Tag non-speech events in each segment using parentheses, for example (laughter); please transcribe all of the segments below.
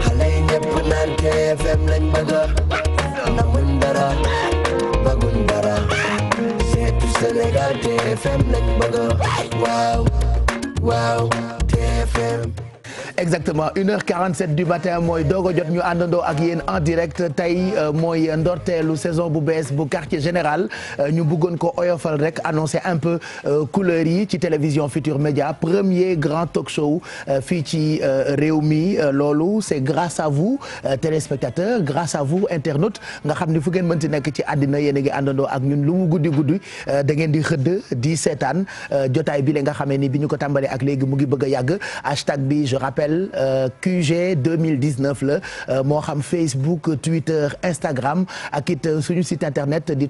xale yi ñëpp naan exactement une heure quarante sept du matin mooy doog a jot ñu àndandoo ak yéen en direct tey euh, mooy ndorteelu saison bu bees bu quartier général euh, ñu buggoon ko oyofal rek annoncer un peu euh, couleur yi ci télévision Futur Média premier grand talk show fii ci réew mi loolu c'est grâce à vous téléspectateurs grâce à vous internautes nga xam ni fu ngeen mënti nekk ci àddina yéen a ngi àndandoo ak ñun lu mu guddi guddi da di xëdd di seetaan jotaay bi la nga xamee ni bi ñu ko tàmbalee ak léegi mu ngi bëgg a yàgg appelle QG 2019 la euh, moo xam Facebook Twitter Instagram ak it euh, suñu site internet di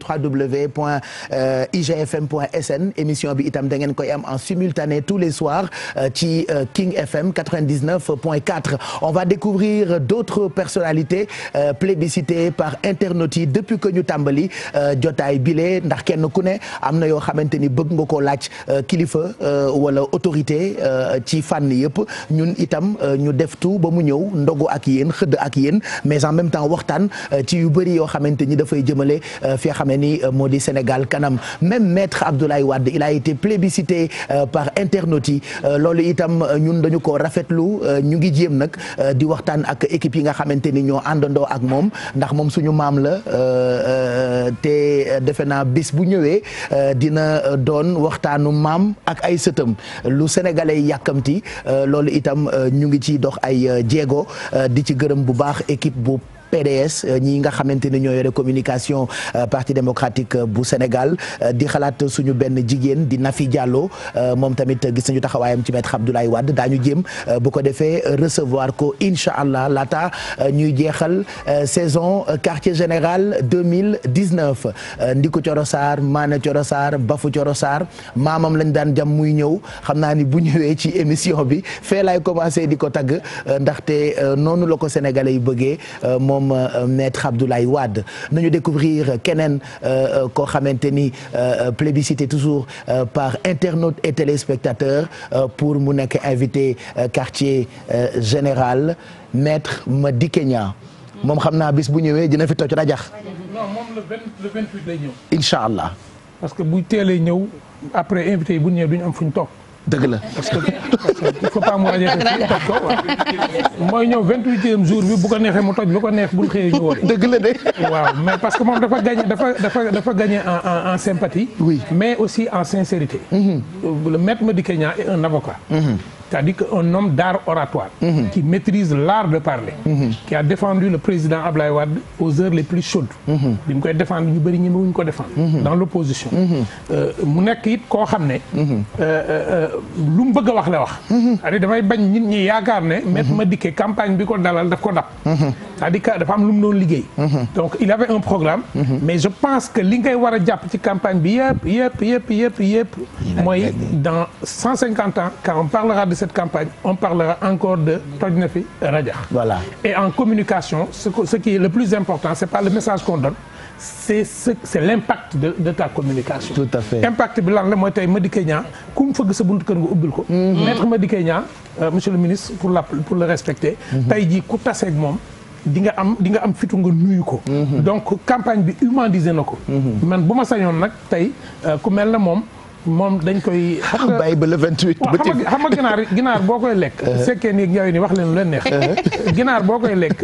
sn émission bi itam da ngeen koy am en simultané tous les soirs euh, ci King FM 99.4 on va découvrir d'autres personnalités plébiscitées par internautes yi depuis que ñu tàmbali jotaay bile ndax kenn ku ne am na yoo xamante ni bëgg nga koo laaj kilifa wala autorité ci fànn yëpp ñun itam itam euh, ñu def tout ba mu ñëw ndogu ak yéen xëdd ak yéen mais en même temps waxtaan euh, ci yu bëri yoo xamante ni dafay jëmale euh, fi nga xam ne ni moo di Sénégal kanam même maître Abdoulaye Wade il a été plébiscité par internautes yi loolu itam ñun dañu ko rafetlu ñu ngi jéem nag di waxtaan ak équipe yi nga xamante ni ñoo àndandoo ak moom ndax moom suñu maam la te defe naa bis bu ñëwee dina doon waxtaanu maam ak ay sëtam lu sénégalais yàkkamti loolu itam ñu ngi ciy dox ay euh, jéego euh, di ci gërëm bu baax équipe bu PDS euh, nga xamante ni ñoo yore communication euh, parti démocratique euh, bu Sénégal di xalaat suñu benn jigéen di Nafi Diallo moom tamit gis nañu taxawaayam ci maître Abdoulaye Wade daañu jéem bu ko defee recevoir ko incha allah laata ñuy jeexal saison quartier général 2019 Ndiku Coro Sarr Maana Coro Sarr Bafu Coro Sarr maamam lañ daan jam muy ñëw xam naa ni bu ñëwee ci émission bi fee laay di ko tagg ndaxte noonu la ko sénégalais bëggee moom ñoom euh, maître Abdoulaye Wade nañu découvrir keneen euh, euh, koo xamante ni plébiscité toujours par internautes et téléspectateurs pour mu nekk invité quartier général maître Madické Niang moom xam naa bis bu ñëwee dina fi toj rajax. non moom le vingt le vingt huit lay ñëw. incha allah. parce que bu teelee ñëw après invité yi bu ñëwee duñu am fuñ toog. dëgg la parce que il faut pas mu rajo toj ko mooy ñëw vingt-huitième jour bi bu neexee mu toj bu ko neex bul xëyee ñu wari dëgg la de waaw mais parce que moom dafa gagné dafa dafa dafa gagné en en sympathie mais aussi en sincérité mhm. euh, le maître Madické Niang est un avocat mhm. c'est-à-dire qu'un homme d'art oratoire, mm -hmm. qui maîtrise l'art de parler, mm -hmm. qui a défendu le président Ablaye Wade aux heures les plus chaudes. Mhm. bi mu koy défendre ñu bëri ñu mënuñ ko défendre. Mhm. dans l'opposition mhm. euh, mu nekk it koo xam ne. Euh, euh, lu mu bëgg a wax la wax. cest à damay bañ nit ñi yaakaar ne. Maître Madické campagne bi ko dalal daf ko dab. c'est-à-dire que dafa am lu mu doon liggéey. donc il avait un programme. mais je pense que li ngay war a jàpp ci campagne bi yëpp yëpp cette campagne on parlera encore de toj na fi raja. en communication ce que qui est le plus important c'est pas le message qu'on donne c'est l'impact de ta communication. tout impact bi lan la mooy tey Madické Niang ku fëgg sa buntu kër nga ubbil ko. Mhm. maître Madické Niang euh, monsieur le ministre pour la pour le respecter. Mhm. tey jii ku taseeg moom. di nga am di nga am fitu nga nuyu ko. Mhm. donc campagne bi humaniser na ko. man bu ma sañoon nag tey euh, ku mel na moom. moom dañ koy. xam nga bàyyi ba le 28. ba xam nga ginaar ginaar boo koy lekk. sekkee (laughs) uh-huh. ni yow ni wax leen lu leen neex. Uh-huh. ginaar boo koy lekk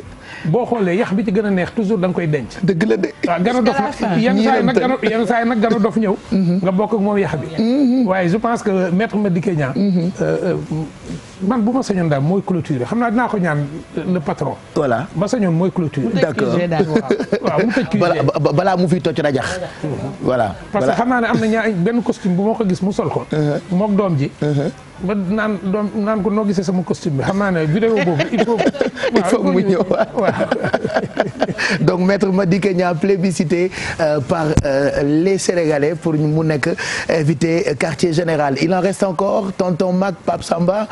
boo xoolee yax bi ci gën a neex toujours da nga koy denc. dëgg la de. waaw gana dof nag yenn saa yi nag gana yenn saa yi nag gana dof ñëw. Mm-hmm. nga bokk ak moom yax bi. Mm-hmm. waaye je pense que maître Madické Niang. Mm-hmm. Euh, euh, man bu ma sañoon daal mooy clôture xam naa dinaa ko ñaan euh, le patron. voilà ma sañoon mooy clôture. d'accord (laughs) waaw mu balaa mu fi tocc rajax voilà parce que xam naa ne am na ñaar benn costume bu moo ko gis mu sol ko. Uh-huh. moog doom ji. Uh-huh. naan doom naan ko noo gisee sama costume bi xam naa ne vidéo boobu (laughs) il faut. il faut mu ñëw waaw (laughs) donc maître Madické plébiscité euh, par euh, les Sénégalais pour mu nekk invité quartier général il en reste encore tonton Mac Pape Samba.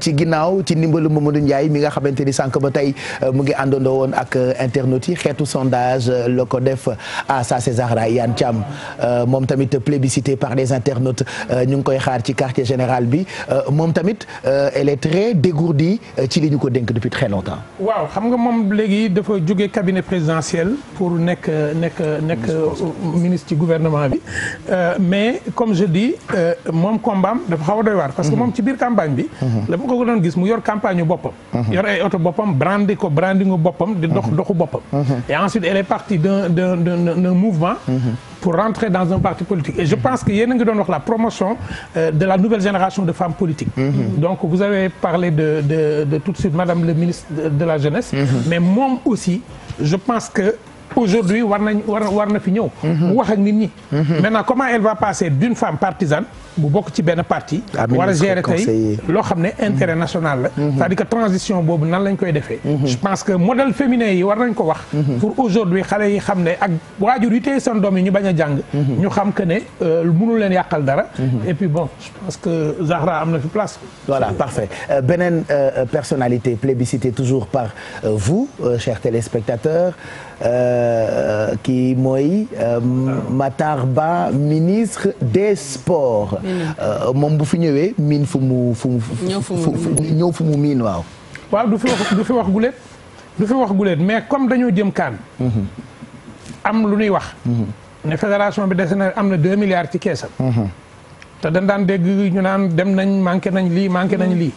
ci ginnaaw ci ndimbalu Mamadou Ndiaye mi nga xamante ni sànq ba tey euh, mu ngi àndandoo woon ak euh, internautes yi xeetu sondage euh, la ko def a sa César Yann Thiam moom tamit plébiscité par les internautes ñu ngi koy xaar ci quartier général bi moom tamit elle est très ci li ñu ko dénk depuis très longtemps. waaw xam nga moom léegi dafa jóge cabinet présidentiel pour nekk nekk nekk ministre ci gouvernement bi mais comme je dis moom kombaam dafa xaw a doy waar. parce que mhm. moom dama ko doon i mu yor campagne yu boppam mhm. yor ay di dox mhm. doxu boppam mhm. ensuite est partie d'un mouvement pour rentrer dans un parti politique et je pense que yéen a ngi doon la promotion euh, de la nouvelle génération de femmes politiques vous avez parlé de tout de suite madame le ministre de la jeunesse mais aussi je pense que aujourd'hui war nañ war war na fi ñëw mu comment elle va passer d'une femme partisane bu bokk ci benn parti ah, war a gérer loo xam ne intérêt national la mhm. c'est-à-dire que transition boobu nan lañ koy defee mhm. je pense que modèle féminin yi war nañ ko wax mhm. pour aujourd'hui xale yi xam ne ak waajur yi tey seen doom yi ñu bañ a jàng ñu xam que ne euh, mënul leen yàqal dara et puis bon je pense que Zahra am na fi place voilà parfait euh, beneen euh, personnalité plébiscitée toujours par vous chers téléspectateurs kii mooy ah. Matar Ba ministre des sports Euh, moom bu fu ñëwee miin fu mu fu mu. ñëw fu mu miin waaw. waaw du fi wax du fi wax guléet du fi wax guléet mais comme dañoo jëm kaan. Mhm. am lu ñuy wax. Mhm. ne fédération bi dese na am na deux milliards ci keesam. Mhm. te dañ daan dégg ñu naan dem nañ manqué nañ lii manqué nañ lii.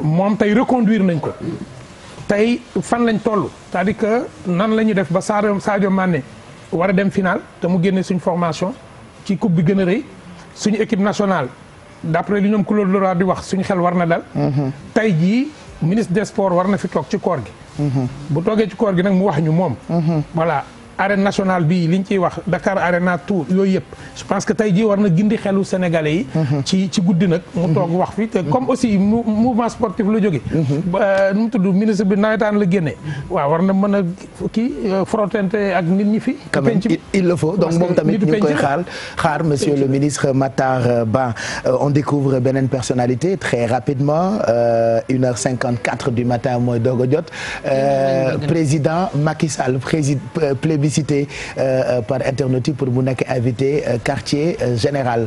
moom tey reconduire nañ ko. tey fan lañ toll. cest à que nan la ñuy def ba Sadio Sadio Mané war a dem final te mu génne suñ formation ci coupe bi gën a rëy. suñu équipe nationale d'après li ñoom Claude Leroy di wax suñu xel war na dal. Mhm. tey jii ministre des sports war na fi toog ci koor gi. Mhm. bu toogee ci koor gi nag mu wax ñu moom. Mhm. voilà arène nationale bi li ñu ciy wax Dakar Arena Tour yooyu yëpp je pense que tey jii war na gindi xelu sénégalais yi mhm. ci ci guddi nag mu toog mhm. wax fi te comme aussi mouvement sportif la jóge mhm. nu mu tudd ministre bi nawetaan la génne waaw war na mën a kii euh, frottente ak nit ñi fi quand même il le faut donc moom tamit ñu koy xaar xaar monsieur le ministre Matar euh, Ba euh, on découvre beneen personnalité très rapidement une heure cinquante-quatre du matin mooy doog a jot président Macky Sall président plébiscite sollicité euh, euh, par internet yi pour bu nekk invité euh, quartier général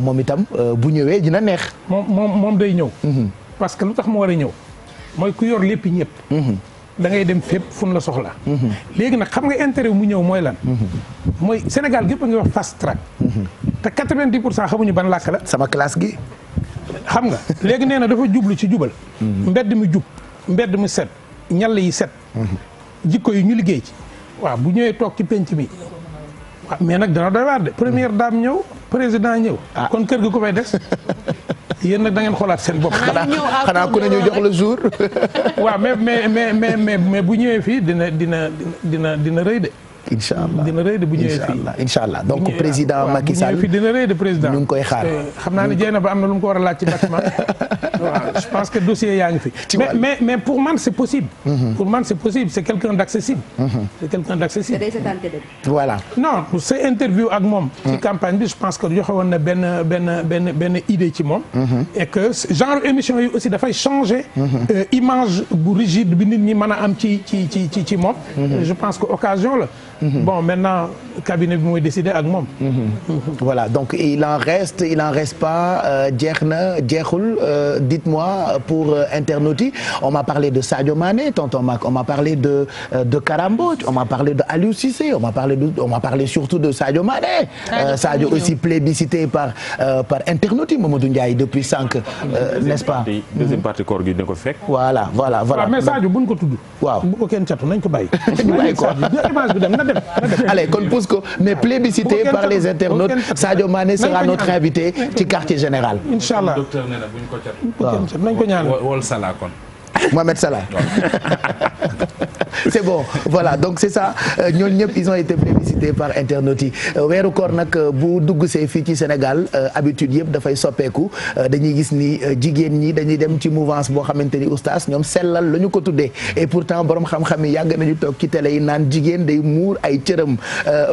moom itam bu ñëwee dina neex. moom moom moom day ñëw. Mhm. parce que lu tax mu war a ñëw mooy ku yor lépp ñëpp. Mhm. da ngay dem fépp fu mu la soxla mhm. léegi nag xam nga intérêt mu ñëw mooy lan. mooy Sénégal gépp a ngi wax fast track. te quatre-vingt-dix pour cent xamuñu ban làkk la. sama classe gi. xam nga léegi nee na dafa jublu ci jubal. mbedd mi jub mbedd mi set ñàll yi set. jikko yi ñu liggéey ci. waaw bu ñëwee toog ci penc bi waaw mais nag dana doy waar de première dame ñëw président ñëw. Ah. kon kër gi ko fay des. yéen nag da ngeen xoolaat seen bopp. xanaa xanaa ku ne ñu jox la jour. (laughs) waa mais mais mais mais mais bu ñëwee fii dina dina dina dina rëy de. incha allah dina rëy de bu ñëwee fii incha allah donc président Macky Sall bu ñëwee fii dina rëy de président ñu ngi koy xaar. Eh, xam ne Dieng ba am na lu ko war a laaj (laughs) (laughs) je pense que dossier yaa ngi fi. (laughs) mais pour man c' possible. Mm-hmm. pour man c' est possible c' mm-hmm. non sa interview ak moom. Mm-hmm. campagne bi je pense que joxe ci changer. Euh, image bu rigide bi nit ñi am ci ci ci ci moom. je pense que occasion la. Mhm. bon maintenant cabinet bi mooy décider ak moom. Mhm. Mhm. voilà donc il en reste il en pas euh, jeex na jeexul euh, dites-moi pour euh, internautes yi on m'a parlé de Sadio Mané tonton Mac on m'a parlé de de Kara Mbodj on m'a parlé de Aliou on m'a parlé de on m'a surtout de Sadio Mané. Sadio aussi plébiscité par par internautes yi Mamadou Ndiaye depuis cinq n'est-ce pas. deuxième partie koor gi dina ko fekk. voilà voilà voilà waaw nañ ko (laughs) kon (laughs) pousse ko mais plébiscité par les internautes Sadio Mané sera notre invité ci quartier général. incha allah docteur nee Mohamed Salah (laughs) c'est bon voilà donc c'est ça euh, ñooñu ñëpp ils ont été plébiscités par internautes yi euh, weeru koor nag euh, bu dugg see fii ci Sénégal habitude yëpp dafay soppeeku dañuy gis ni jigéen ñi dañuy dem ci mouvance boo xamante ni oustaz ñoom sellal la ñu ko tuddee et pourtant boroom xam-xam yi yàgg nañu toog ci télé yi naan jigéen day muur ay cëram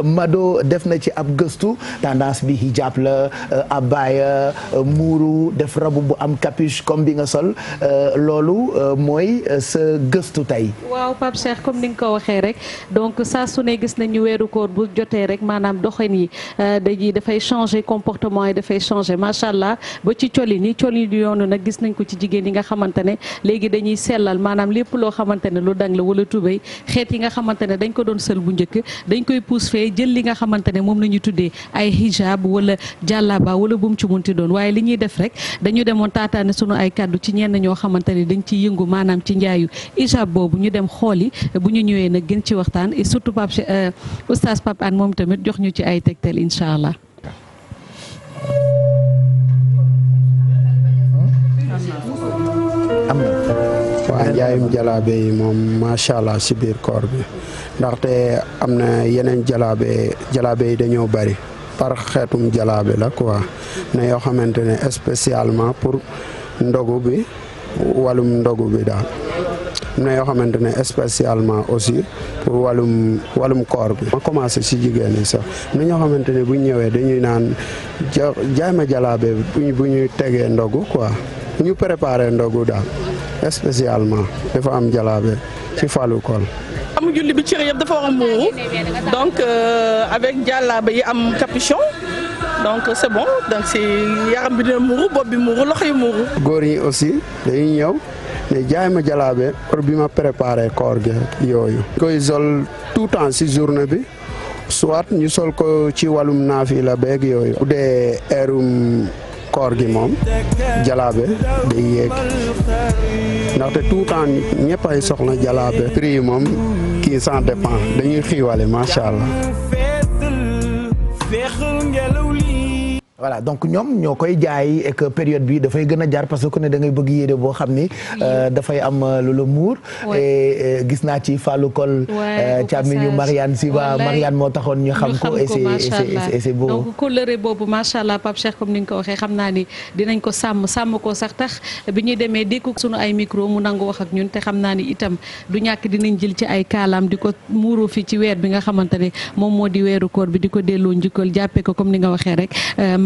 Mado def na ci ab gëstu tendance bi hijab la abaya muuru def rabu bu am capuche comme bi nga sol loolu mooy euh, sa gëstu tey. waaw Pape Cheikh comme ni nga ko waxee rek donc saa su ne gis nañu weeru koor bu jotee rek maanaam doxin yi euh, dañuy dafay changer comportement yi dafay changer macha allah ba ci colin yi colin yi yoonu nag gis nañ ko ci jigéen yi nga xamante ne léegi dañuy sellal maanaam lépp loo xamante ne lu dang la wala tubéy xeet yi nga xamante ne dañ ko doon sël bu njëkk dañ koy pousse fee jël li nga xamante ne moom la ñu tuddee ay hijab wala jàllaba wala bu mu ci munti doon waaye li ñuy def rek dañu demoon taataane sunu ay kàddu ci ñenn ñoo xamante ne dañ ciy yëngu maanaam ci njaayu ijab boobu ñu dem xooli bu ñu ñëwee nag gën ci waxtaan et surtout Pape euh, oustaz Pape Hann moom tamit jox ñu ci ay tegtal incha allah. am waaw njaayum jalaabe yi moom macha allah si biir koor bi ndaxte am na yeneen jalaabe jalaabe yi dañoo bari par xeetum jalaabe la quoi na yoo xamante ne spécialement pour ndogu bi. wàllum ndogu bi daal am na yoo xamante ne spécialement aussi pour wàllum wàllum koor bi. ma commencé si jigéen ñi sax am na xamante ne bu ñëwee dañuy naan ja jaay ma jalaabe bu bu ñu tegee ndogu quoi ñu préparé ndogu daal spécialement dafa am jalaabe ci fàllu kool. amu julli bi cër yëpp dafa war muuru donc euh, avec jàllaaba yi am capuchon. donc c'est si yaram bi dina muuru bopp bi muuru loxo yi muuru. góor yi aussi dañuy ñëw ne jaay ma jalaabe pour bi ma préparé koor gi yooyu. koy sol tout temps si journée bi soit ñu sol ko ci wàllum yi la beeg yooyu. bu dee eerum koor gi moom jalaabe day yéeg ndaxte tout temps ñëpp ay soxla jalaabe prix yi moom kii sans dépend dañuy xiiwale macha allah. voilà donc ñoom ñoo koy jaay ek période bi dafay gën a jaar parce que ku ne da ngay bëgg yére boo xam ni euh, dafay am lu la muur et euh, gis naa ci Fallou Kol euh, càmmiñu Marianne Siba Marianne moo taxoon ñu xam ko et c'est et c'est beau donc coloré boobu macha allah Pape comme ni nga ko waxee xam naa ni dinañ ko sàmm sàmm ko sax tax bi ñuy demee dékku sunu ay micro mu nangu wax ak ñun te xam naa ni itam du ñàkk dinañ jël ci ay kaalaam di ko muuroo fi ci weer bi nga xamante ne moom moo di weeru koor bi di ko delloo njukkal jàppee ko comme ni nga waxee rek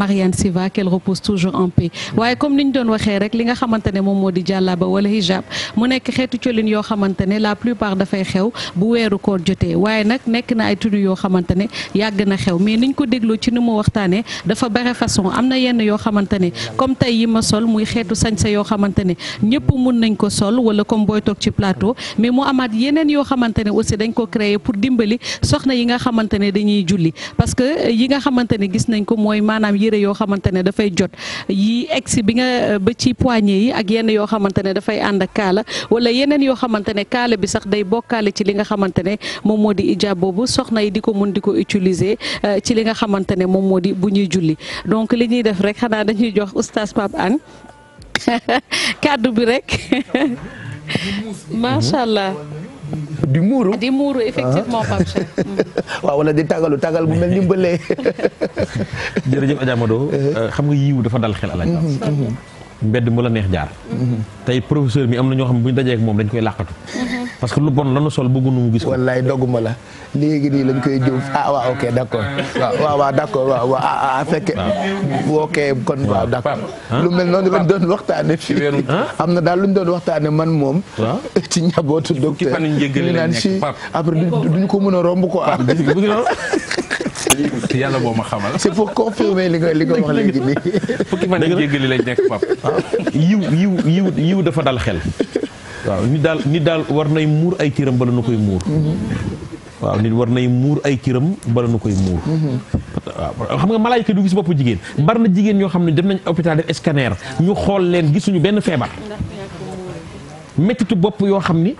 Marianne Siva qu'elle repose toujours en paix waaye comme ni doon waxee rek li nga xamante moom moo di jàllaaba wala hijab mu nekk xeetu colin yoo xamante ne la plupart dafay xew bu weeru koor jotee waaye nag nekk na ay tunu yoo xamante ne yàgg na xew mais niñ ko dégloo ci ni mu waxtaanee dafa bare façon am na yenn yoo xamante comme tey yi ma sol muy xeetu sañse yoo xamante ne ñëpp mun nañ ko sol wala comme booy toog ci plateau mais mu amaat yeneen yoo xamante ne aussi dañ ko créer pour dimbali soxna yi nga xamante ne dañuy julli yére yoo xamante ne dafay jot yi egsi bi nga euh, ba ci poignée yi ak yenn yoo xamante ne dafay ànd ak kaala wala yeneen yoo xamante ne kaala bi sax day bokkaale ci li nga xamante ne moom moo di ijaab boobu soxna yi di ko mun di ko utiliser euh, ci li nga xamante ne moom moo di bu ñuy julli donc li ñuy def rek xanaa dañuy jox oustaz Pape Hann (laughs) kàddu bi rekk (laughs) macha allah. di muuru di muuru effectivement Pape Cheikh. (laughs) waaw wala di tàggalu tàggal bu mel ni mbëlee. (laughs) jërëjëf Adja Mado (laughs) euh, xam nga yiw dafa dal xel alaaj mbedd mu la neex jaar tey professeur mi am na ñoo xam ne bu dajee moom dañ koy làqatu parce que lu bon lanu sol bëggu nu mu gis ko wallaay dogguma la léegi lañ koy jëf ah waaw ok d'accord waaw waaw waaw lu mel noonu lañ doon waxtaane fii am na daal luñ doon waxtaane man moom (laughs) ci njabootu docteur ñu naan si ko mën a romb ko ah (laughs) (laughs) yàlla boo ma xamal. c'est pour confirmer li nga li nga wax nii. (laughs) fukki fan ak jéggali lañ nekk pap (laughs) yiw yiw yiw dafa dal xel. waaw nit daal nit daal war nay muur ay cëram bala nu koy muur. waaw nit war nay muur ay cëram bala nu koy muur. waaw xam nga malaayika du gis boppu jigéen bari na jigéen ñoo xam ne dem nañ hôpital def scanner ñu xool leen gisuñu benn feebar. méttitu bopp yoo xam ni.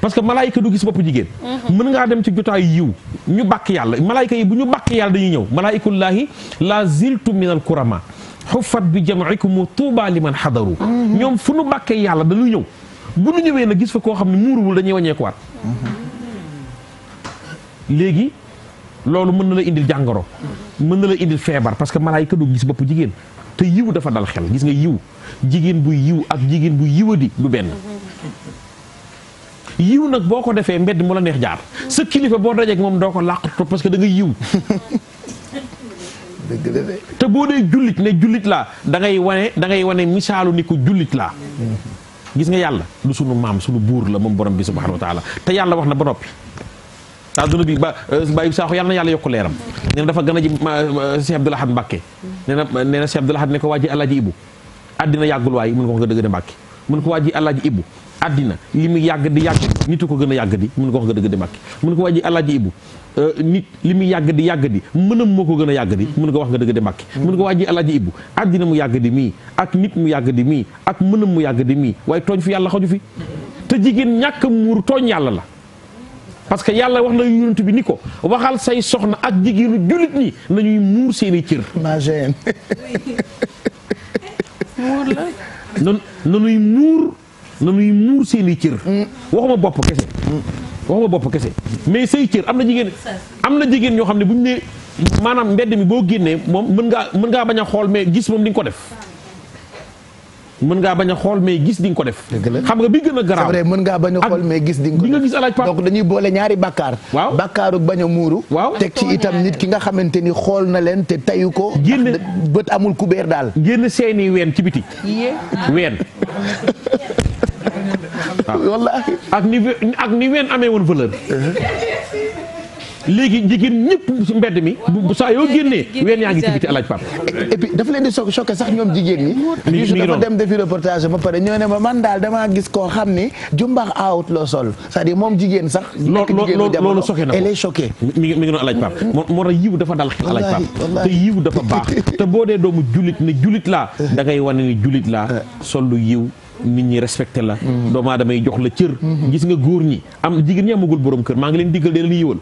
parce que malaayika du gis bopp jigéen mhm. mën ngaa dem ci jotaayu yiw ñu bàkk yàlla malaayika yi bu ñu bàkk yàlla dañuy ñëw malaayikullaahi la ziltu min al kurama xufat bi jamaikum tuuba liman xadaru mhm. ñoom fu nu bàkkee yàlla dañuy ñëw bu nu ñëwee na gis fa koo xam ne muuruwul dañuy wàññeekuwaat mhm. léegi loolu mën na la indil jàngoro mën na la indil feebar parce que malaayika du gis bopp jigéen te yiw dafa dal xel gis nga yiw jigéen bu yiw ak jigéen bu yiwadi du benn yiw nag boo ko defee mbedd mu la neex jaar sa kilifa boo dajeeg moom doo ko làqatu parce que da nga yiw (laughs) te boo dee jullit ne jullit laa dangay wane da ngay wane misaalu ni ko jullit laa gis nga yàlla du sunu maam sunu buur la moom borom bi subhanahu wa taala te yàlla wax na ba noppi adduna bi ba euh, bàyyi saaxu yàlla na yàlla leeram nee na gën a ji Cheikh Abdoul Ahad Mbacké nee na nee na Cheikh Abdoul Ahad ne ko waa ji Alaaji Ibu addina yàggul waaye mun nga ko nga dëgg de mun ko waa ji Alaaji Ibu àddina li muy yàgg di yàgg nitu ko gën a yàgg di mun ko wax nga dëgg di Mbàkke mun ko wàjji alaaji ibu euh, nit li muy yàgg di yàgg di mënam moo ko gën a yàgg di mun ko wax nga dëgg di Mbàkke mun ko wàjji alaaji ibu àddina mu yàgg di mii ak nit mu yàgg di mii ak mënam mu yàgg di mii waaye tooñ fi yàlla xaju fi te jigéen ñàkk muur tooñ yàlla la parce que yàlla wax na yonent bi ni ko waxal say soxna ak jigéenu jullit ñi nañuy muur seeni cër muur la nanuy muur nañuy muur seen i cër. waxuma bopp kese. waxuma bopp kese mais say cër am na jigéen am na jigéen ñoo xam ne bu ñu nee maanaam mbedd mi boo génnee moom mën ngaa mën ngaa bañ a xool mais gis moom di ko def. mën ngaa bañ xool mais gis di ko def. xam nga bi gën a garaaw mën ngaa bañ a xool mais gis di nga ko def di nga gis alaaj Pape donc dañuy boole ñaari bàkkaar. waaw bàkkaaru bañ a muuru. waaw teg ci itam nit ki nga xamante ni xool na leen te tayu ko. génn bët amul kubéer daal. génn seeni ween ci biti. ween. (laughs) wallaahi ak ni ak ni ween amee woon valeur. léegi jigéen ñëpp ci mbedd mi bu saa yoo génnee ween yaa ngi ci biti alaaj pap dafa leen di so choqué sax ñoom jigéen ñi ñu dafa dem defi reportage ba pare ñoo ma man daal damaa gis koo xam ne jumbax out la sol cest à moom jigéen sax loolu choqué na elle est choquée mi ngi noonu alaaj pap moo tax yiw dafa dal xel alaaj pap te yiw dafa baax (laughs) te boo dee doomu julit ne julit laa eh. da ngay wane ni julit laa eh. sol lu yiw nit ñi respecté la mm-hmm. doomu aadama yi jox la cër mm-hmm. gis nga góor ñi am jigéen ñi amagul borom kër maa ngi leen diggal dee leen yiwal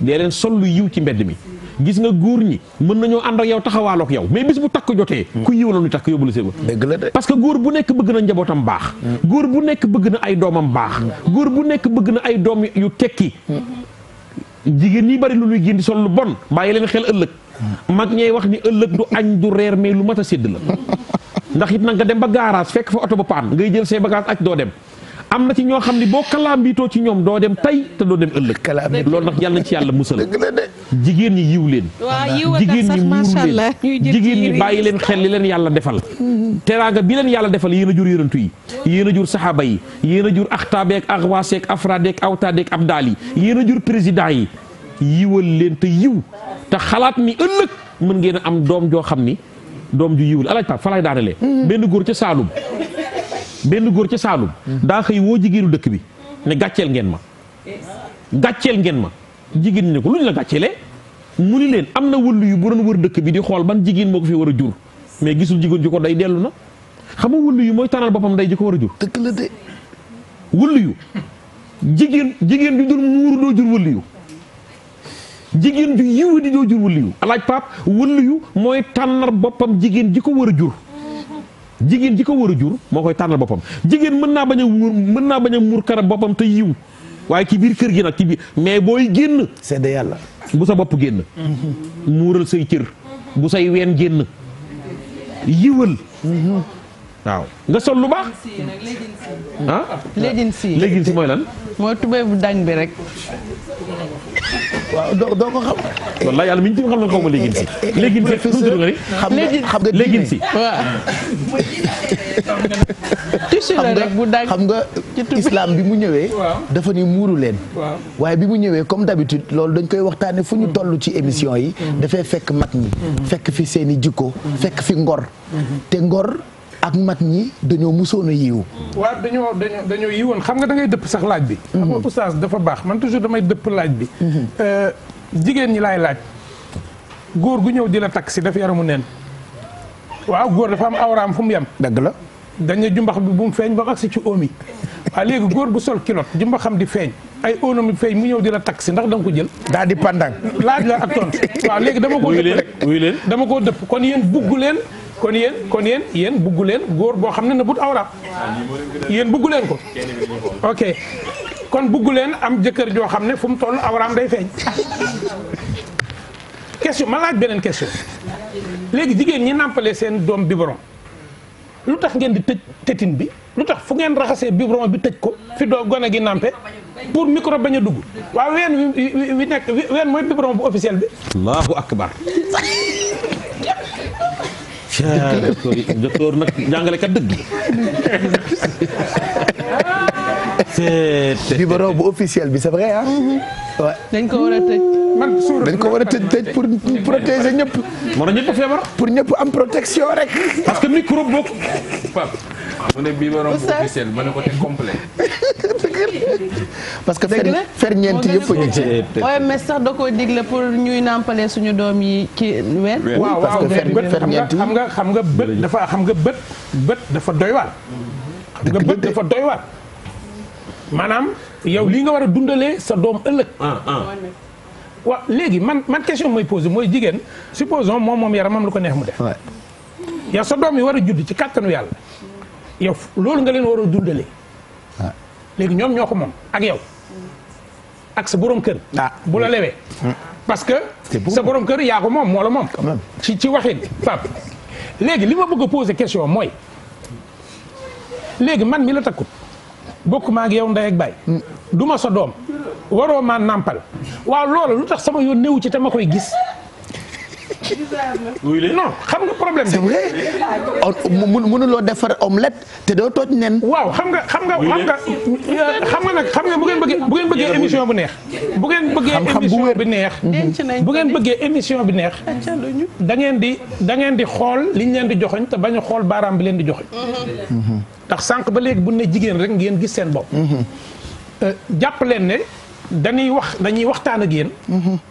dee leen sol lu yiw ci mbedd mi gis nga góor ñi mën nañoo ànd ak yow taxawaalook ak yow mais bis bu takk jotee mm-hmm. ku yiw la nu takk yóbbu la séba dëgg la parce que góor bu nekk bëgg na njabootam baax góor bu nekk bëgg na ay doomam baax góor bu nekk bëgg na ay doom yu tekki jigéen ñi bari lu ñuy génn sol lu bon bàyyi leen xel ëllëg mag ñay wax ni ëllëg du añ du reer mais lu mat sédd la ndax it nag nga dem ba garage fekk fa oto ba paan ngay jël say bagage ak doo dem am na ci ñoo xam ne boo kalaambiitoo ci ñoom doo dem tey te doo dem ëllëg loolu nag yàlla na ci yàlla musal jigéen ñi yiw leen jigéen ñi muur leen jigéen ñi bàyyi leen xel li leen yàlla defal teraanga bi leen yàlla defal yéen a jur yërëntu yi yéen a jur saxaaba yi yéen a jur axtaabeek axwaaseek afraadeek awtaadeek abdaal yi yéen a jur yi yiwal leen te yiw te xalaat mi ëllëg mën ngeen am doom joo xam ni doom ju yiw la alaaj Pape fa laay daanelee mm-hmm. benn góor ca Saalum benn góor ca Saalum mm-hmm. daa xëy woo jigéenu dëkk bi ne gàcceel ngeen ma gàcceel ngeen ma jigéen ñi ne ko lu ñu la gàcceelee mu ni leen am na wëllu yu bu doon wër dëkk bi di xool ban jigéen moo ko fi war a jur mais gisul jigéen ju ko day dellu na xam nga wëllu yu mooy tànnal boppam day ji ko war a jur dëkk la de wëllu yu jigéen jigéen du dul muuru doo jigéen ju yiwa di doo jur wëlliyu alaaj pap wëlliyu mooy tànnar boppam jigéen ji ko war a jur jigéen ji ko war a jur moo koy tànnal boppam jigéen mën naa bañ a muur mën naa bañ a muur kanam boppam te yiw waaye ci biir kër gi nag ci biir mais booy génn sedd yàlla bu sa bopp génn muural say cër bu say ween génn yiwal waaw nga sol lu baax. ah léegin si léegin si mooy lan. mooy tubéy bu dañ bi rek. waaw doo doo ko xam. yàlla mi ñu ci xam ne xaw ma léegin si. léegin nga ni. xam nga léegin si waaw. rek bu dañ xam nga islam bi mu ñëwee. dafa ni muuru leen. waaye bi mu ñëwee comme d'habitude loolu dañ koy waxtaane fu ñu mm. toll ci émission yi. Mm. dafay fekk mag ñi. Mm. fekk fi seeni jikko. fekk fi ngor. te ngor. ak mat ñi dañoo musoon a yiiw waaw dañoo dañoo dañoo yiwoon xam nga dangay ngay dëpp sax laaj bi mhm. xam nga oustaz dafa baax man toujours damay dëpp laaj bi mhm. euh, jigéen ñi laay laaj góor gu ñëw di la takk si daf yaramu neen waaw góor dafa am awraam fu mu yem dëgg la dañu jumbax bi bu mu feeñ ba mu si ci oom yi waaw léegi góor bu sol kilot jumba xam di feeñ ay onomi feeñ mu ñëw di la si ndax da ko jël daa di pandang laaj la ak tontu waaw léegi dama ko dëpp koo dëpp kon yéen bugg leen kon yéen kon yéen yéen bugg leen góor boo xam ne na but awraam yéen bugg leen ko ok kon bugg leen am jëkkër joo xam ne fu mu toll awraam day feeñ question ma laaj beneen question léegi jigéen ñi nàmpalee seen doom biberon lu tax ngeen di tëj tétine bi lu tax fu ngeen raxasee biberon bi tëj ko fi doo gone gi nàmpe pour micro bañ a dugg waaw ween wi nekk ween mooy biberon bu officiel bi allahu akbar docteur yi docteur nag jàngalekat dëgg. c'est numéro bu officiel bi c'est vrai mm-hmm. ah. waaw dañ ko war a tëj. man suur dañ ko war a tëj tëj pour protéger ñëpp. moo tax ñëpp feebar. pour ñëpp am protection rek. parce que microbe bokk mu ne biberon bu ma ne ko te parce que ferñeent yëpp a ñu ci. OMS sax da koo digle pour ñuy nàmpale suñu doom yi ci weer. waaw parce que ferñeent xam nga xam nga bët dafa xam nga bët bët dafa doy waar. nga bët dafa doy waar. maanaam yow lii nga war a dundale sa doom ëllëg. Ah, ah. waaw léegi man man question mooy posé mooy jigéen supposons moom moom yaramam lu ko neex mu def. yow sa doom yi war a judd ci kàttanu yàlla. yow loolu nga leen war a dundale ah. léegi ñoom ñoo ko moom ak yow ak sa borom kër ah. bu la lewee hmm. parce que sa borom kër yaa ko moom moo la moom ci ci waxin Pape léegi li ma bëgg a poser question mooy léegi man mi la takkut bokk maa ngi yow ndey baay hmm. du ma sa doom waroo maa nampal waaw loolu lu tax sama yoon néew ci te ma koy gis oui non xam nga problème bi. c'est vrai mënuloo defar omelette te doo tooj nen. waaw xam nga xam nga xam nga xam nga nag xam nga bu ngeen bëggee bu bëggee émission bu neex. bu ngeen mhm. bëggee émission bi neex. bu ngeen bëggee émission bi neex. da ngeen di da ngeen di xool liñ leen di joxoñ te bañ a xool baaraam bi leen di joxoñ mhm. ndax sànq ba léegi bu ne jigéen rek ngeen gis seen bopp. Mhm. Euh, jàpp leen ne dañuy wax dañuy waxtaan ak yéen.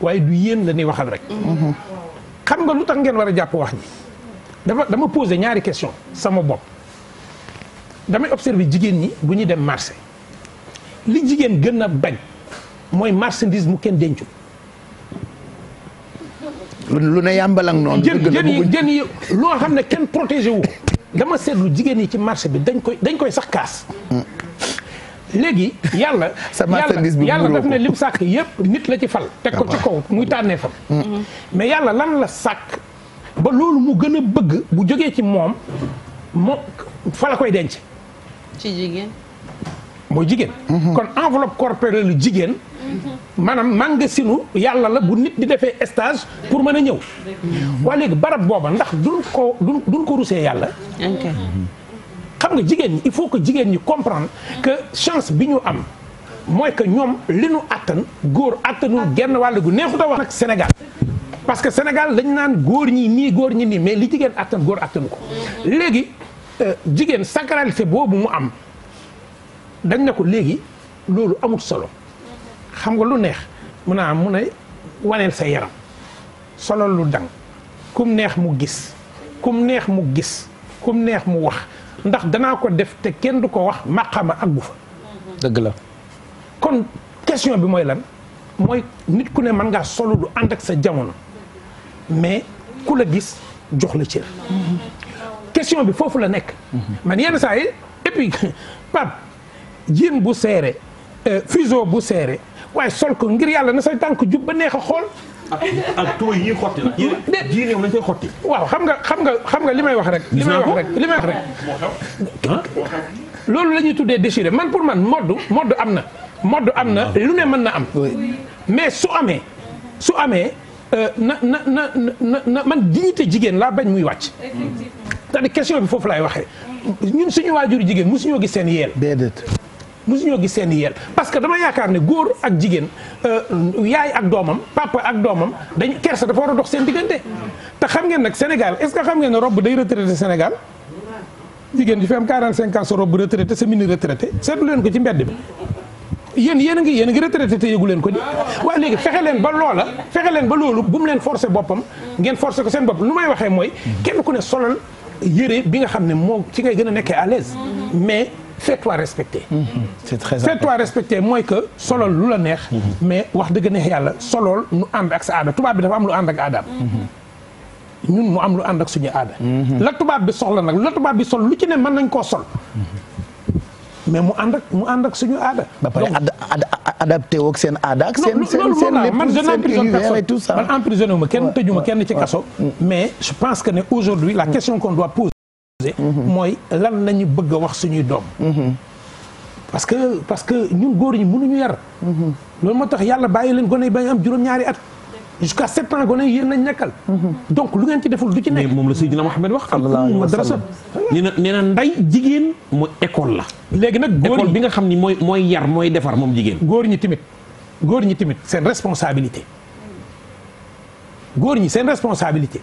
waaye du yéen la ñuy waxal rek. xam nga lu tax ngeen war a jàpp wax ji dafa dama posé ñaari question sama bopp damay observé jigéen ñi bu ñuy dem marché li jigéen gën a bañ mooy marchandise mu kenn dencu lu ne yàmbalan noonu. jën jën yi jën yi loo xam ne kenn protégé wu dama seetlu jigéen ñi ci marché bi dañ koy dañ koy sax kaas. Mm. léegi yàlla yàlla daf ne lim sàkk yëpp nit la ci fal teg ko ci ah, kaw muy tànnee fam mm-hmm. mais yàlla lan la sàkk ba loolu mu gën a bëgg bu jógee ci moom moo fa la koy denc ci jigéen mooy jigéen mm-hmm. kon enveloppe lu jigéen mm-hmm. maanaam mangasinu yàlla la bu nit di defee stage pour mën a ñëw waa léegi barab booba ndax duñ ko duñ ko rusee yàlla xam nga jigéen ñi il faut que jigéen ñi comprendre que chance bi ñu am mooy que ñoom li nu àttan góor àttanul genn wàll gu neexut a wax nag Sénégal parce que Sénégal dañ naan góor ñi nii góor ñi nii mais li jigéen àttan góor àttanu ko léegi euh, jigéen se boobu mu am dañ ne ko léegi loolu amul solo xam nga lu neex mun a ah, mun a waneel sa yaram solo lu dang kum neex mu gis kum neex mu gis kum neex mu wax ndax danaa ko def te kenn du ko wax ak bu fa. dëgg la kon question bi mooy lan mooy nit ku ne mën ngaa solo du ànd ak sa jamono mais ku la gis jox la cër. question bi foofu la nekk. man yenn saa yi et puis (laughs) Pape bu seere euh, fuseau bu seere waaye sol ko ngir yàlla na say tànk jub ba neex a xool. ak ak taux yi xotti nag. ji ñoom xotti. waaw xam nga xam nga xam nga li may wax rek. li may wax rek li may wax loolu lañuy tuddee déchiré man pour man modd modd am na. modd am na ah. lu ne mën na am. mais su amee su amee euh, na na na na man dignité jigéen laa bañ muy wàcc. cest à question bi foofu laay waxee. ñun suñu waajur jigéen mosuñoo gis seen yeel. déedéet. mosuñoo gis seen i yel parce que dama yaakaar ne góor ak jigéen euh, yaay ak doomam papa ak doomam dañ kersa dafa war a dox seen diggante. te xam ngeen nag Sénégal est-ce que xam ngeen ne robe day retraité Sénégal. jigéen ji fi am 45 ans sa robe retraité sa mini retraité seetlu leen ko ci mbedd bi. yéen yéen a ngi yéen a ngi retraité te yëgu leen ko di waaye léegi fexe leen ba loola fexe leen ba loolu bu mu leen forcé boppam ngeen forcé ko seen bopp lu may waxee mooy kenn ku ne solal yére bi nga xam ne moo ci ngay gën a nekkee à mais fais-toi respecter. Mm-hmm. c'est très important fais-toi mooy que solool lu la neex. Mm-hmm. mais wax dëgg neex yàlla solool nu ànd ak sa aada tubaab bi dafa am lu ànd ak aadaam. Mm-hmm. ñun mu am lu ànd suñu aada. la tubaab bi soxla nag la tubaab bi sol lu ci ne man nañ koo sol. mais mu ànd ak mu ànd ak suñu aada. ba pare adapté woog seen aada ak seen seen seen lépp man je n'emprisonne personne man emprisonné wu ma kenn tëju kenn ci kaso. Mm. mais je pense que ne aujourd'hui la mm. question qu'on doit poser. Mhm. mooy lan la ñu bëgg wax suñuy doom mhm. parce que parce que ñun góor ñi mënuñu yar mhm. loolu moo tax yàlla bàyyi leen gone yi ba am juróom-ñaari at jusqu'à sept ans gone yi yéen nañ nekkal donc lu ngeen ci deful du ci nekk moom la Seydina Mohamed wax madrasa nee na nee na nday jigéen mooy école la léegi nag góor bi nga xam ni mooy mooy yar mooy defar moom jigéen góor ñi tamit góor ñi tamit seen responsabilité góor ñi seen responsabilité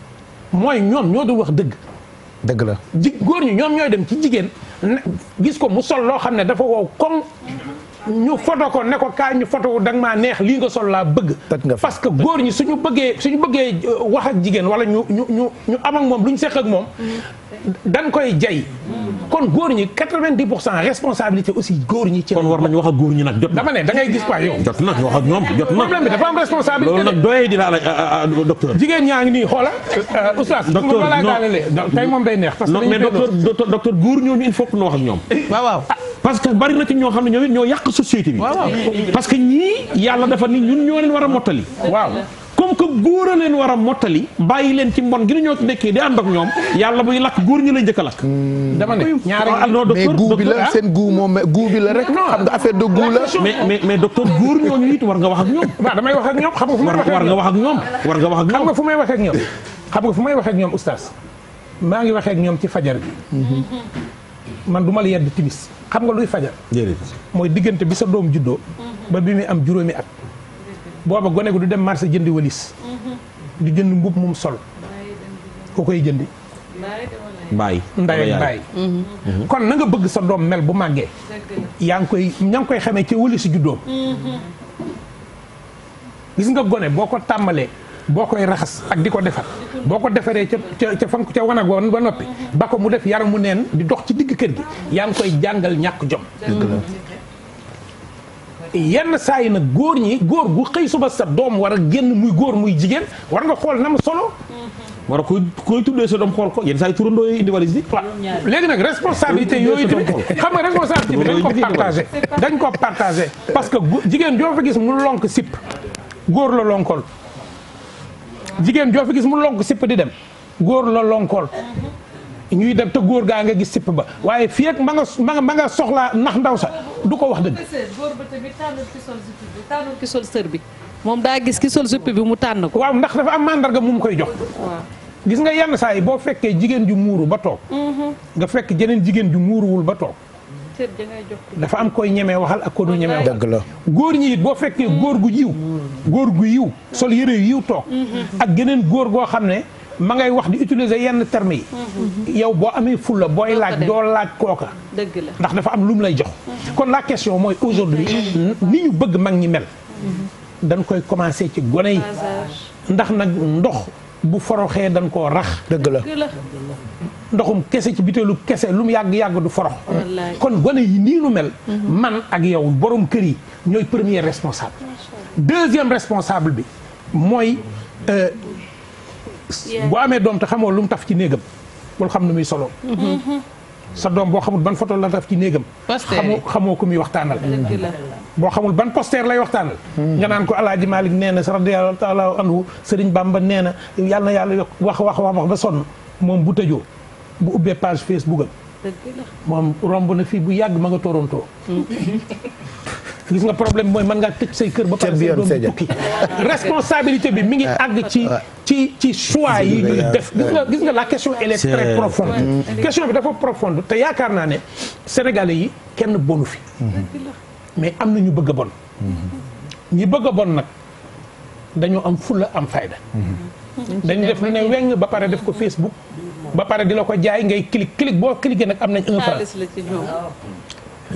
mooy ñoom ñoo dul wax dëgg dëgg la ji góor ñi ñoom ñooy dem ci jigéen gis ko mu sol loo xam ne dafa wow koŋ ñu foto ko ne ko kaa ñu foto da nga maa neex lii nga sol laa bëgg. parce que góor ñi suñu bëggee suñu bëggee euh, wax ak jigéen wala ñu ñu ñu ñu am moom lu ñu seq moom. dañ koy jay. kon góor ñi 90 pour cent responsabilité aussi góor ñi. ci kon jot na. dama ne ñoom jot na dafa am responsabilité. loolu jigéen ñaa ngi nii xoola. Euh, oustaz day neex. parce que dañuy mais góor ñooñu il faut que ñu wax ñoom. waaw waaw parce que bari ci ñoo xam ne ñoom it ñoo yàq société bi. parce que ñii yàlla dafa ni ñun ñoo leen war a mottali. waaw comme que góor a leen war a mottali. bàyyi leen ci mbon gi ñoo nekkee di ànd ak ñoom yàlla buy lakk góor ñi lay njëkk a lakk. dama ne ñaar ah, mais guu bi la ah. seen guu moom bi la rek. xam mais mais mais docteur góor ñooñu it war nga wax ak ñoom. (laughs) waaw nga may wax ak ñoom war nga wax ak ñoom. war nga wax ak ñoom xam xam nga fu may wax ak ñoom oustaz maa ngi waxee ak ñoom ci fajar bi man du ma la yedd timis xam nga luy fajar mooy diggante bi sa doom juddoo ba bi muy am juróomi at booba gone ko du dem marché jëndi walis du jënd mbub mum sol koo koy jëndi mbaay nday mhm. kon na nga bëgg sa doom mel bu màggee yaa ngi koy ña ngi koy xamee ci wëli si juddoom mhm. gis nga gone boo ko tàmbalee boo koy raxas ak di ko defar boo ko defaree ca ca ca fan ca wanag woon ba noppi ba ko mu def yaram mu neen di dox ci digg kër gi yaa ngi koy jàngal ñàkk jom yenn saa yi nag góor ñi góor gu xëy suba sa doom war a génn muy góor muy jigéen war nga xool na ma solo war a koy koy tuddee sa doom xool ko yenn saa turandoo yi indi valise bi léegi nag responsabilité yooyu tamit xam nga responsabilité bi dañ ko partagé dañ ko partagé parce que jigéen joo fa gis mu lonk sipp góor la lonkool jigéen joo fi gis mu lonk sipp di dem góor la lonkool ñuy dem te góor gaa nga gis sipp ba waaye fi ak ma nga ma nga soxlaa nax ndaw sa du ko wax dëgg. góor ba tamit tànnul ki sol bi moom daa gis ki sol bi mu tànn ko. waaw ndax dafa am mandarga mu mu koy jox. gis nga yenn saa yi boo fekkee jigéen ju muuru ba toog. Mm-hmm. nga fekk jeneen jigéen ju muuruwul ba toog. dafa am koy ñemee waxal ak ko du ñemee dëgg la góor ñi it boo fekkee góor gu yiw góor gu yiw sol yére yu yiw toog mm-hmm. ak geneen góor goo xam ne ma ngay wax di utiliser yenn termes yi mm-hmm. yow boo amee fulla booy laaj doo laaj kooka dëgg ndax dafa am lu mu lay jox mm-hmm. kon la question mooy aujourd'hui ni ñu bëgg mag ñi mel dañ koy commencer ci gone yi ndax nag ndox bu foroxee dañ koo rax. dëgg la ndoxum kese ci biteelu kese lu mu yàgg yàgg du forox. kon gone yi nii nu mel. Mhm. man ak yow boroom kër yi ñooy première responsable. deuxième responsable bi mooy euh, boo amee doom te xamoo lu mu taf ci néegam bul xam nu muy solo. Mhm. sa doom boo xamul ban photo la def ci néegam. xamoo xamoo ko muy waxtaanal. Mm-hmm. boo xamul ban poster lay waxtaanal. Mm-hmm. nga naan ko El Hadj Malick nee na radiyallahu taala anhu Serigne Bamba nee na yàlla na yàlla yokk wax wax wax wax ba sonn moom bu tëjoo bu ubbee page Facebook moom romb na fii bu yàgg ma nga Toronto. Mm-hmm. (laughs) gis nga problème mooy mën ngaa tëj say kër ba pare say doom tukki (laughs) responsabilité bi mi ngi ah. àgg ci ah. ci ci choix yi ñuy def gis nga gis la question elle profonde question bi dafa profonde te yaakaar naa ne sénégalais yi kenn bonu fi mais am na ñu bëgg bon ñi bëgg a bon nag dañoo am fulla am fayda dañu def na ne weng ba pare def ko Facebook ba pare di la ko jaay ngay clic clic boo cliqué nag am nañ un franc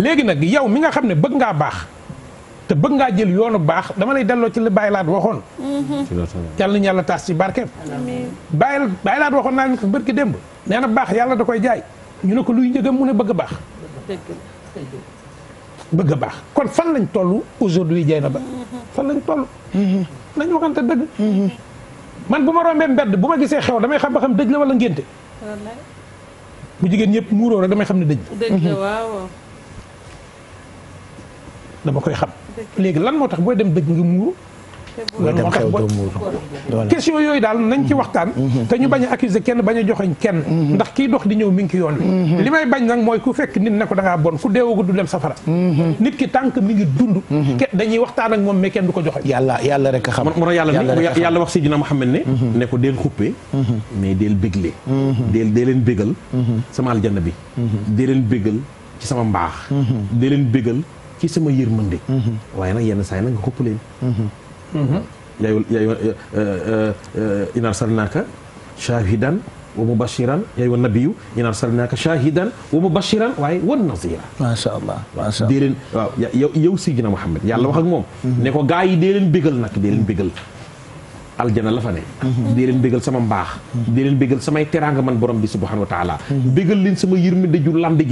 léegi nag yow mi nga xam ne bëgg ngaa baax te bëgg ngaa jël yoonu baax dama lay delloo ci li bàyyi laat waxoon. Mm-hmm. yàlla nañu yàlla taas ci barkeem. bàyyi bàyyi laat waxoon naa leen ko bërki démb. nee na baax yàlla da koy jaay ñu ne ko luy njëgam mu ne bëgg baax. bëgg baax kon fan lañ toll aujourd'hui jay na ba. fan lañ toll. Mm-hmm. nañ waxante dëgg. Mm-hmm. man bu ma rombee mbedd bu ma gisee xew damay xam ba xam dëj la wala ngénte. bu jigéen ñëpp muuroo rek damay xam ne dëj la. dëj la waaw. dama koy xam. léegi lan moo tax booy dem dëgg nga muuru. lan moo tax booy question yooyu daal nañ ci waxtaan. Mm-hmm. te ñu bañ a accuser kenn bañ a joxoñ kenn. Mm-hmm. ndax kiy dox di ñëw mi ngi ci yoon wi. Mm-hmm. li may bañ nag mooy ku fekk nit ne ko da ngaa bon ku deewoo du dem safara. nit ki tànk mi ngi dund. kenn dañuy waxtaan ak moom mais kenn du ko joxoñ. yàlla yàlla rek a xam mën yàlla yàlla wax si dina Muhammad ne. ne ko deel xuppe mais deel bégle. deel dee leen bégal. sama aljanna bi. dee leen bégal ci sama mbaax. dee leen ci sama yërmande mhm. waaye na yenn saay nag nga xëpp leen yaayul yaay shahidan wa mubashiran yaay wa nabiyu inar salnaaka shahidan waaye wan nazira macha allah macha allah dee leen Muhammad yàlla mhm. wax ak moom mhm. ne ko gaa yi dee leen bégal nag aljana la fa ne sama mbaax dee leen bégal samay teraanga man borom bi subhanahu wa taala bégal leen sama yërmande ju lamb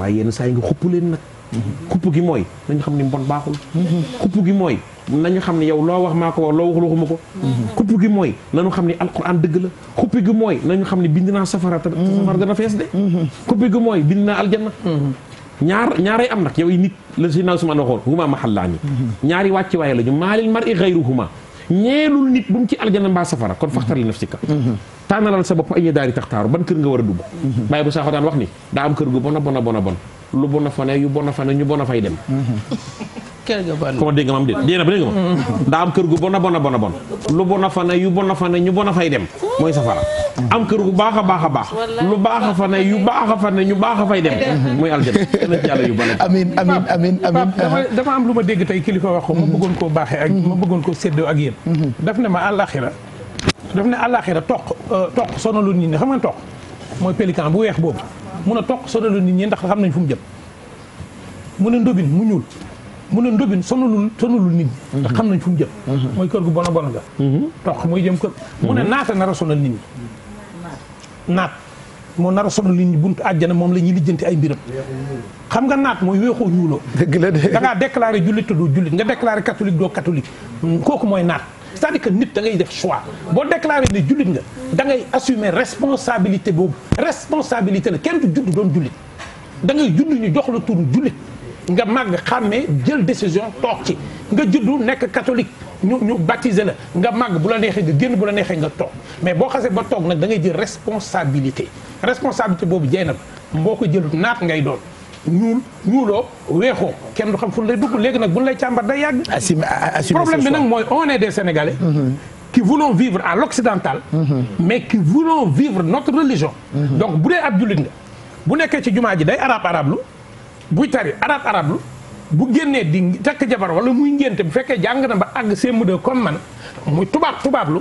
waaye yenn saa yi nga xupp leen kupp gi mooy nañu xam ni mbon baaxul kupp gi mooy nañu xam ne yow loo wax maa ko wax loo wax waxuma ko kupp gi mooy nañu xam ne alquran dëgg la kupp gi mooy nañu xam ne bind naa safara te safara dana fees de kupp gi mooy bind naa aljanna ñaar ñaaray am nag yow yi nit la si naaw sumaan waxoon huma mahallaani ñaari wàcc waaye la ñu maalil mar i xayruhuma ñeelul nit bu mu ci aljanna mbaa safara kon faxtar li nafsika tànnalal sa bopp ay daari taxtaaru ban kër nga war a dugg bàyyi bu saaxo daan wax ni daa am kër gu bona bona bona bon lu bon a fa ne yu bon a ñu bon a fay dem. kër ga bon ko dégg nga maam dégg ma. am kër gu bon a bon a lu bon a yu bon a fa ne ñu fay dem mooy am kër gu baax a baax a baax. lu baax a fa ne yu baax fa ne ñu baax a fay dem. mooy aljana yàlla ci yàlla yu bale. amiin amiin amiin amiin uh-huh. dama am lu ma dégg tey kilifa wax ko ma bëggoon koo baaxee ak ma bëggoon koo séddoo ak yéen. Mm-hmm. daf ne ma àllaaxira daf ne àllaaxira toq uh, toq sonalul nit ñi xam nga toq mooy pélican bu weex boobu mun a toq sonalu nit ñi ndax xam nañ fu mu jëm mu ne ndobin mu ñuul mu a ndobin sonalul sonalul nit ñi ndax xam nañ fu mu jëm mm-hmm. mooy kër gu bona bona ga mm-hmm. toq mooy jëm kër mu ne mm-hmm. naata nara a sonal nit ñi naat moo nar a sonal nit ñi buntu àjjana moom la ñuy lijjanti ay mbiram xam nga naat mooy weexoo ñuuloo dëgg la de da ngaa déclaré jullit te doo jullit nga déclaré catholique doo catholique mm, kooku mooy naat cest que nit da ngay def choix boo déclaré ne jullit nga dangay ngay responsabilité boobu responsabilité la kenn du judd doon jullit da ngay judd ñu jox la turu jullit nga màgg xàmmee jël décision toog ci nga juddu nekk catholique ñu ñu baptisé la nga màgg bu la neexee nga génn bu la neexee nga toog mais boo xasee ba toog nag da ngay jël responsabilité responsabilité boobu jeey na boo ko jëlut naat ngay doon ñuul ñuuloo weexoo kenn du xam fu lay dugg léegi nag buñ lay càmbar day yàgg. problème bi nag mooy on est des sénégalais. Mm-hmm. qui vivre à l'occidental. Mm-hmm. mais ki voulons vivre notre religion. Mm-hmm. donc bu dee ab jullit nga bu nekkee ci jumaa ji day arab arab lu buy tari arab arab lu bu génnee di takk jabar wala muy ngénte bu fekkee jàng na ba àgg CM2 comme man muy tubaab lu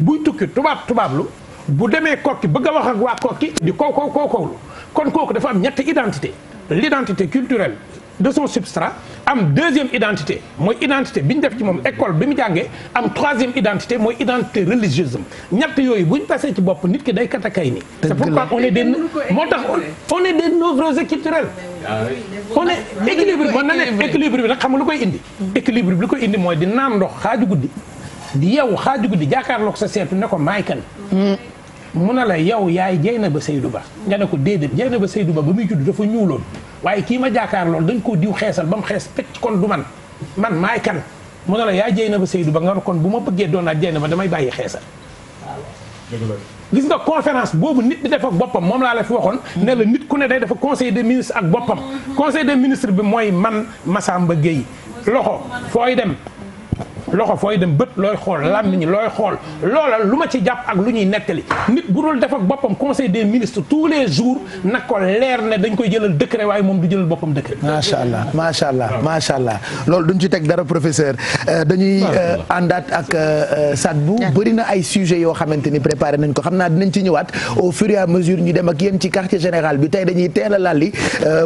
buy tukki tubaab lu bu demee kokki bëgg a wax ak waa kokki di kow kow kon kooku dafa am ñetti identité. l'identité culturel de son substrat am deuxième identité mooy identité bi ñu def ci moom école bi mu jàngee am troisième identité mooy identité religieuse am ñett yooyu bu ñu passé ci bopp nit ki day katakay ni c'est pourquoi on est des moo tax on est des névrosés culturels on est équilibre mën na ne équilibre bi nag xam nga lu koy indi équilibre bi lu koy indi mooy di naan ndox xaaju guddi di yeewu xaaju guddi jaakaarloog sa seetu ne ko maay kan mm. mu ne la yow yaay Dieynaba Seydou Ba nga ne ko déedéet ba Seydou Ba ba muy judd dafa ñuuloon waaye kii ma jaakaar loolu dañ koo diw xeesal ba mu xees pecc kon du man man maay kan mu ne la yaay Dieynaba Seydou Ba nga ne kon bu ma bëggee doonaat ba damay bàyyi xeesal gis nga conférence boobu nit di def ak boppam moom laa la fi waxoon ne la nit ku ne day dafa conseil de ministres ak boppam conseil de ministres bi mooy man Massamba Gueye loxo fooy dem loxo fooy dem bët looy xool mhm. làmmiñ looy xool loola lu ma ci jàpp ak lu ñuy nettali nit bu dul def boppam conseil des ministres tous les jours na ko leer ne dañ koy jëlal décret waaye moom du jëlal boppam décret. macha allah macha allah macha allah loolu duñ ci teg dara professeur euh, dañuy euh, àndaat ak euh, Sadbou bëri na ay sujets yoo xamante ni préparé nañ ko xam naa dinañ ci ñëwaat au fur et à mesure ñu dem ak yéen ci quartier général bi tey dañuy teel a lalli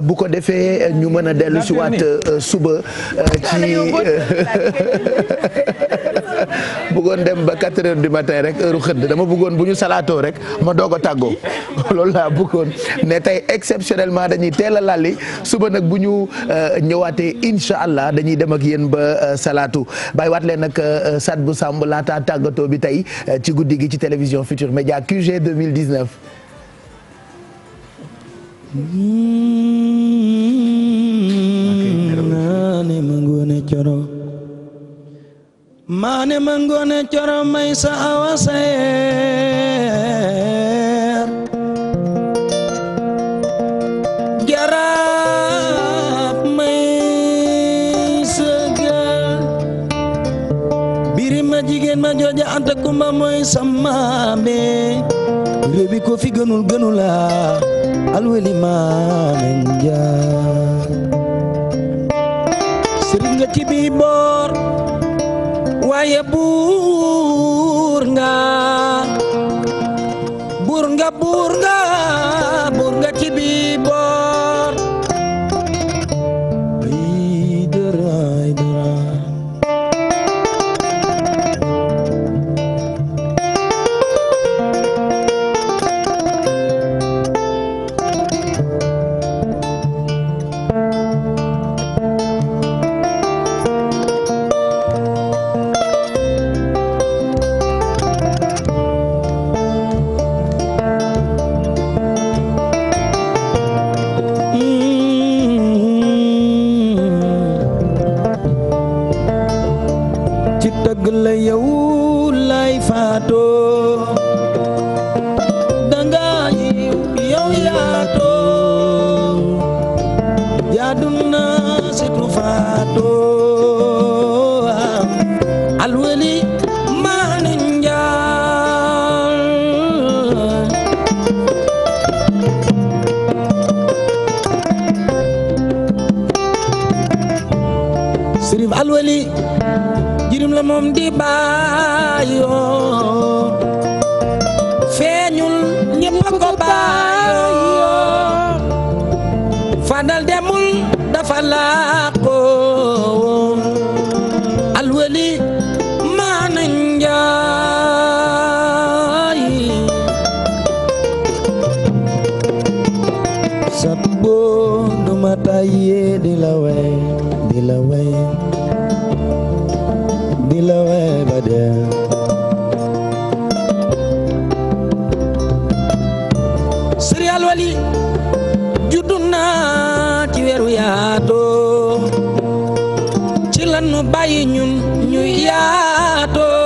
bu ko defee ñu mën a dellu si waat (laughs) (laughs) bugoon dem ba 4 heures du matin rek heure xëdd dama bëggoon bu ñu salaatoo rek ma doog a tàggoo (laughs) loolu laa bëggoon ne tey exceptionnellement dañuy teel a suba nag bu ñu euh, ñëwaatee incha allah dañuy dem ak yéen ba euh, salaatu bàyyiwaat leen nag euh, sat bu sàmb laataa tàggatoo bi tey ci guddi gi ci télévision Futur Média QG 2019. ne ma ngoone maane ma ngoone coro may sa awa seer may sëga biri ma jigéen ma jooja anta kumba mooy sa maame lébi ko fi gënul gënula alweli maame njaay sëriñ ci bi boor waaye buur nga bye juddu naa ci weeru yaatoo ci lanu bàyyi ñun ñu yaatoo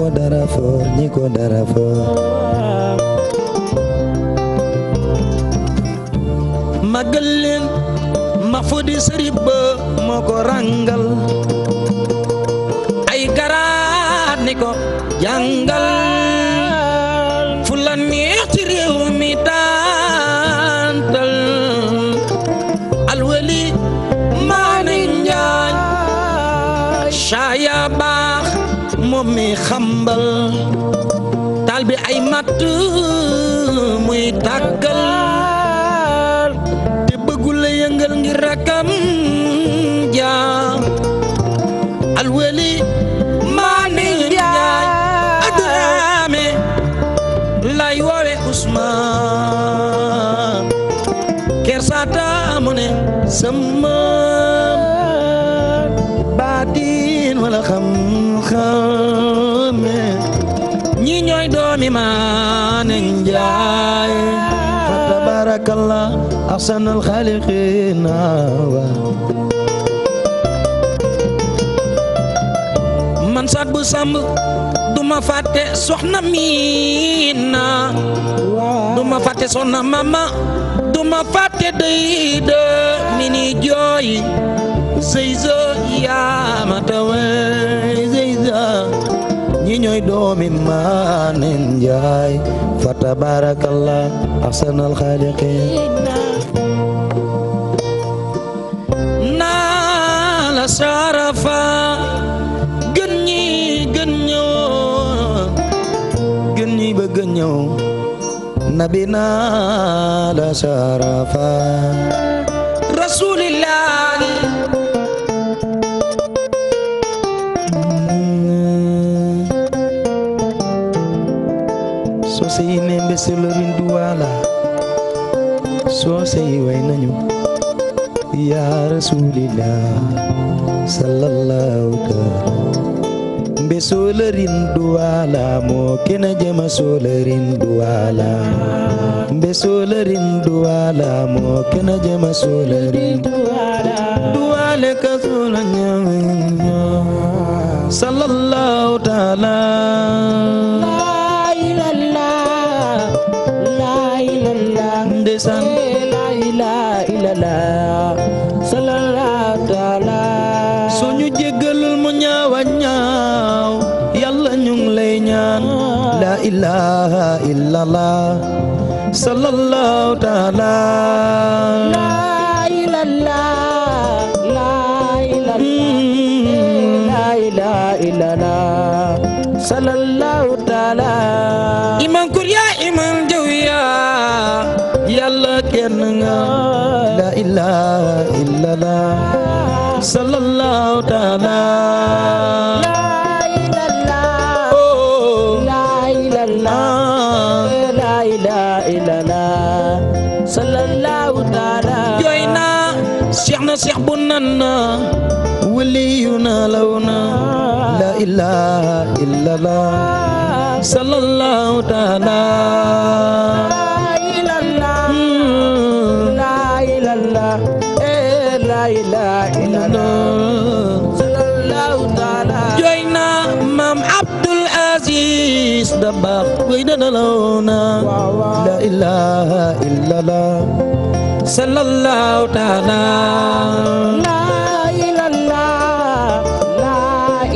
Nico Darafor, ma fu di sëriñ ba rangal ay garaat ni ko jàngal. muy xambal taal bi ay matt muy tàkkal te bëggul la yëngal ngir rakam ja alweli maane lay woowe usmaan kersaata mu ne sëmm أحسن الخالقين man saat bu sàmb duma fàtte soxna miina duma fàtte soxna mama duma fàtte dey de mini jooy sëy yaa ma tawee sëy së ñi ñooy doomi maanen njaay fa tabarakallah ahsanal xaaliqiin sarafa gën ñi gën ñëw gën ñi ba gën ñëw la sarafa rasulillah way nañu ya rasulillah sallallahu ka mbe solarin kena jama solarin duwala mbe kena jama solarin duwala duwala ka solanya sallallahu ilaha illallah sallallahu taala la ilallah la ilaha illallah sallallahu taala iman kurya iman jawiya yalla kenn nga la ilaha illallah sallallahu taala cheikh bu nan na waliyuna lawna la ilaha illallah sallallahu taala la ilallah la ilallah la ilaha illallah sallallahu taala jooy na maam Abdul Aziz Dabakh way na lawna la ilaha illallah sallallahu taala la ilallah la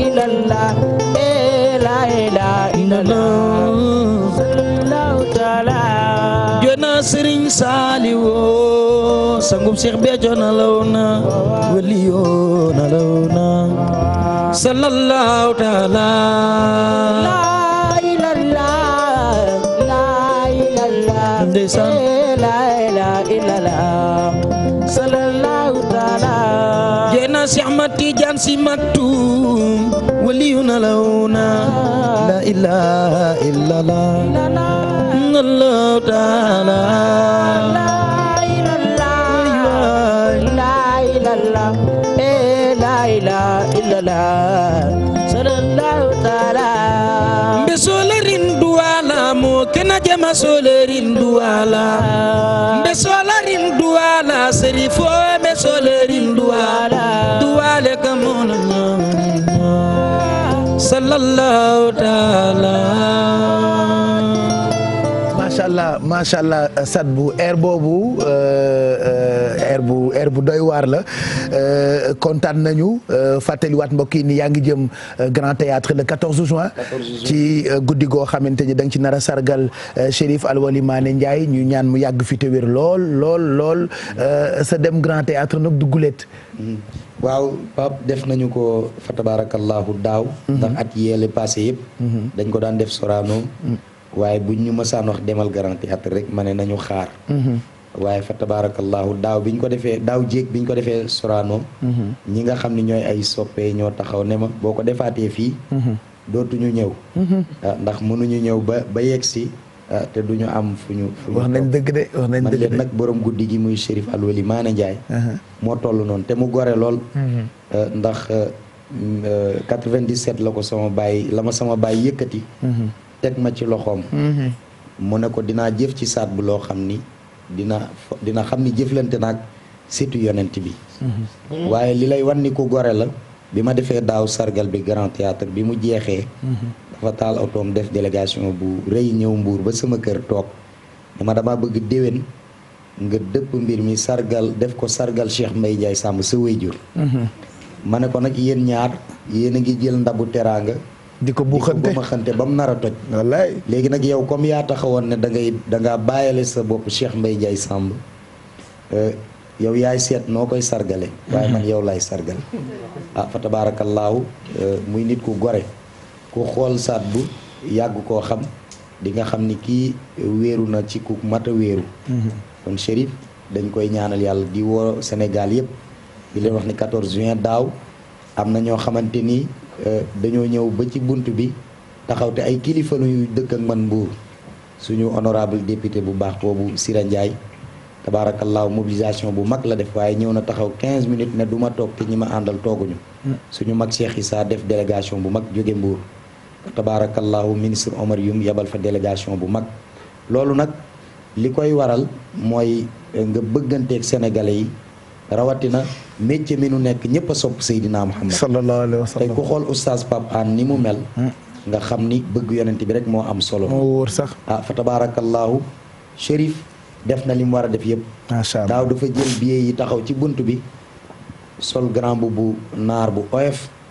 ilallah eh la ilallah sallallahu taala jona Serigne Saliou sangum Cheikh Béthio na lawna waliyo na lawna sallallahu taala أنسمت ولينا لونا لا إله إلا الله الله تعالى لا إله إلا الله لا إله إلا الله صلى الله تعالى بسولرين دوالا مو كنا جما سولرين دوالا بسولرين دوالا سريفو بسولرين دوالا sallallahu taala macha allah macha allah euh, sat bu air boobu euh, euh, air bu air bu doy waar la kontaan nañu fàttaliwaat mbokk yi ni yaa ngi jëm Grand Théâtre le 14 juin. ci guddi goo xamante ni da ci nar a sargal Chérif Alwali Mané Ndiaye ñu ñaan mu yàgg fi te wér lool lool lool sa dem Grand Théâtre nag dugguleet mm-hmm. waaw Pape def nañu ko fa tabaarakallaahu daaw. Mhm. ndax at yéele passé yëpp. Mhm. dañ ko daan def Sorano. Mhm. waaye bu ñu mësaan wax demal Grand Théâtre rek ma ne nañu xaar. waaye fa tabaarakallaahu daaw biñ ko defee daaw jéeg biñ ko defee Sorano. ñi nga xam ne ñooy ay soppee ñoo taxaw ne ma boo ko defaatee fii. dootuñu ñëw. Ah, ndax mënuñu ñëw ba ba yegg si. Ah, te du ñu am fu ñu. fu ñu wax nañ dëgg de wax nañ dëgg de man leen nag borom guddi gi muy Chérif Alwely Maana Ndiaye. Uh-huh. moo toll noonu te mu gore mm-hmm. ah, ah, mm, la ko sama baay la ma sama baay yëkkati. Mm-hmm. teg ma ci loxoom. Mm-hmm. mu ne ko dinaa jëf ci saat bu loo xam ni dina xam ni jëflante naag surtout yonent bi. waaye li lay wan ni ku gore la bi ma defee daaw sargal bi grand théâtre bi mu jeexee. dafa taal otoom def délégation bu rëy ñëw mbuur ba sama kër toog ne ma dama bëgg déwén nga dëpp mbir mi sargal def ko sargal Cheikh Mbaye Ndiaye Samb sa wéyjur mhm. ma ne ko nag yéen ñaar yéen a ngi jël ndabu teraanga di ko bu ba mu nar a toj léegi nag yow comme yaa taxawoon ne da ngay dangaa sa bopp Cheikh Mbaye Ndiaye euh, yaay seet noo koy sargale mhm. waaye man yow laay sargal ah fa tabaarakallaahu euh, muy nit ku gore ku xool saat bu yàgg koo xam di nga xam ni kii wéeru na ci ku mat wéeru mhm. kon Chérif dañ koy ñaanal yàlla di woo Sénégal yëpp di leen wax ni 14 juin daaw am na ñoo xamante ni euh, dañoo ñëw ba ci bunt bi taxaw te ay kilifa yu dëkk ak man mbuur suñu honorable député bu baax boobu Sira Ndiaye tabaarakallaahu mobilisation bu mag la def waaye ñëw na taxaw 15 minutes ne du ma toog te ñi ma àndal tooguñu mm. suñu mag Cheikh Issa def délégation bu mag jóge Mbour tabaarakallaahu ministre Omar Youm yebal fa délégation bu mag loolu nag li koy waral mooy eh, nga bëgganteeg sénégalais yi rawatina métier mi nu nekk ñëpp a sopp Seydina Muhammad sallallahu alayhi ku xool oustaz Pape Hann ni mu mel hmm. nga xam ni bëgg yonent bi rek moo am solo moo wóor sax ah fa tabaarakallaahu Chérif def na li mu war a def yëpp macha allah daaw dafa jël billet yi taxaw ci bunt bi sol grand bu naar bu oyof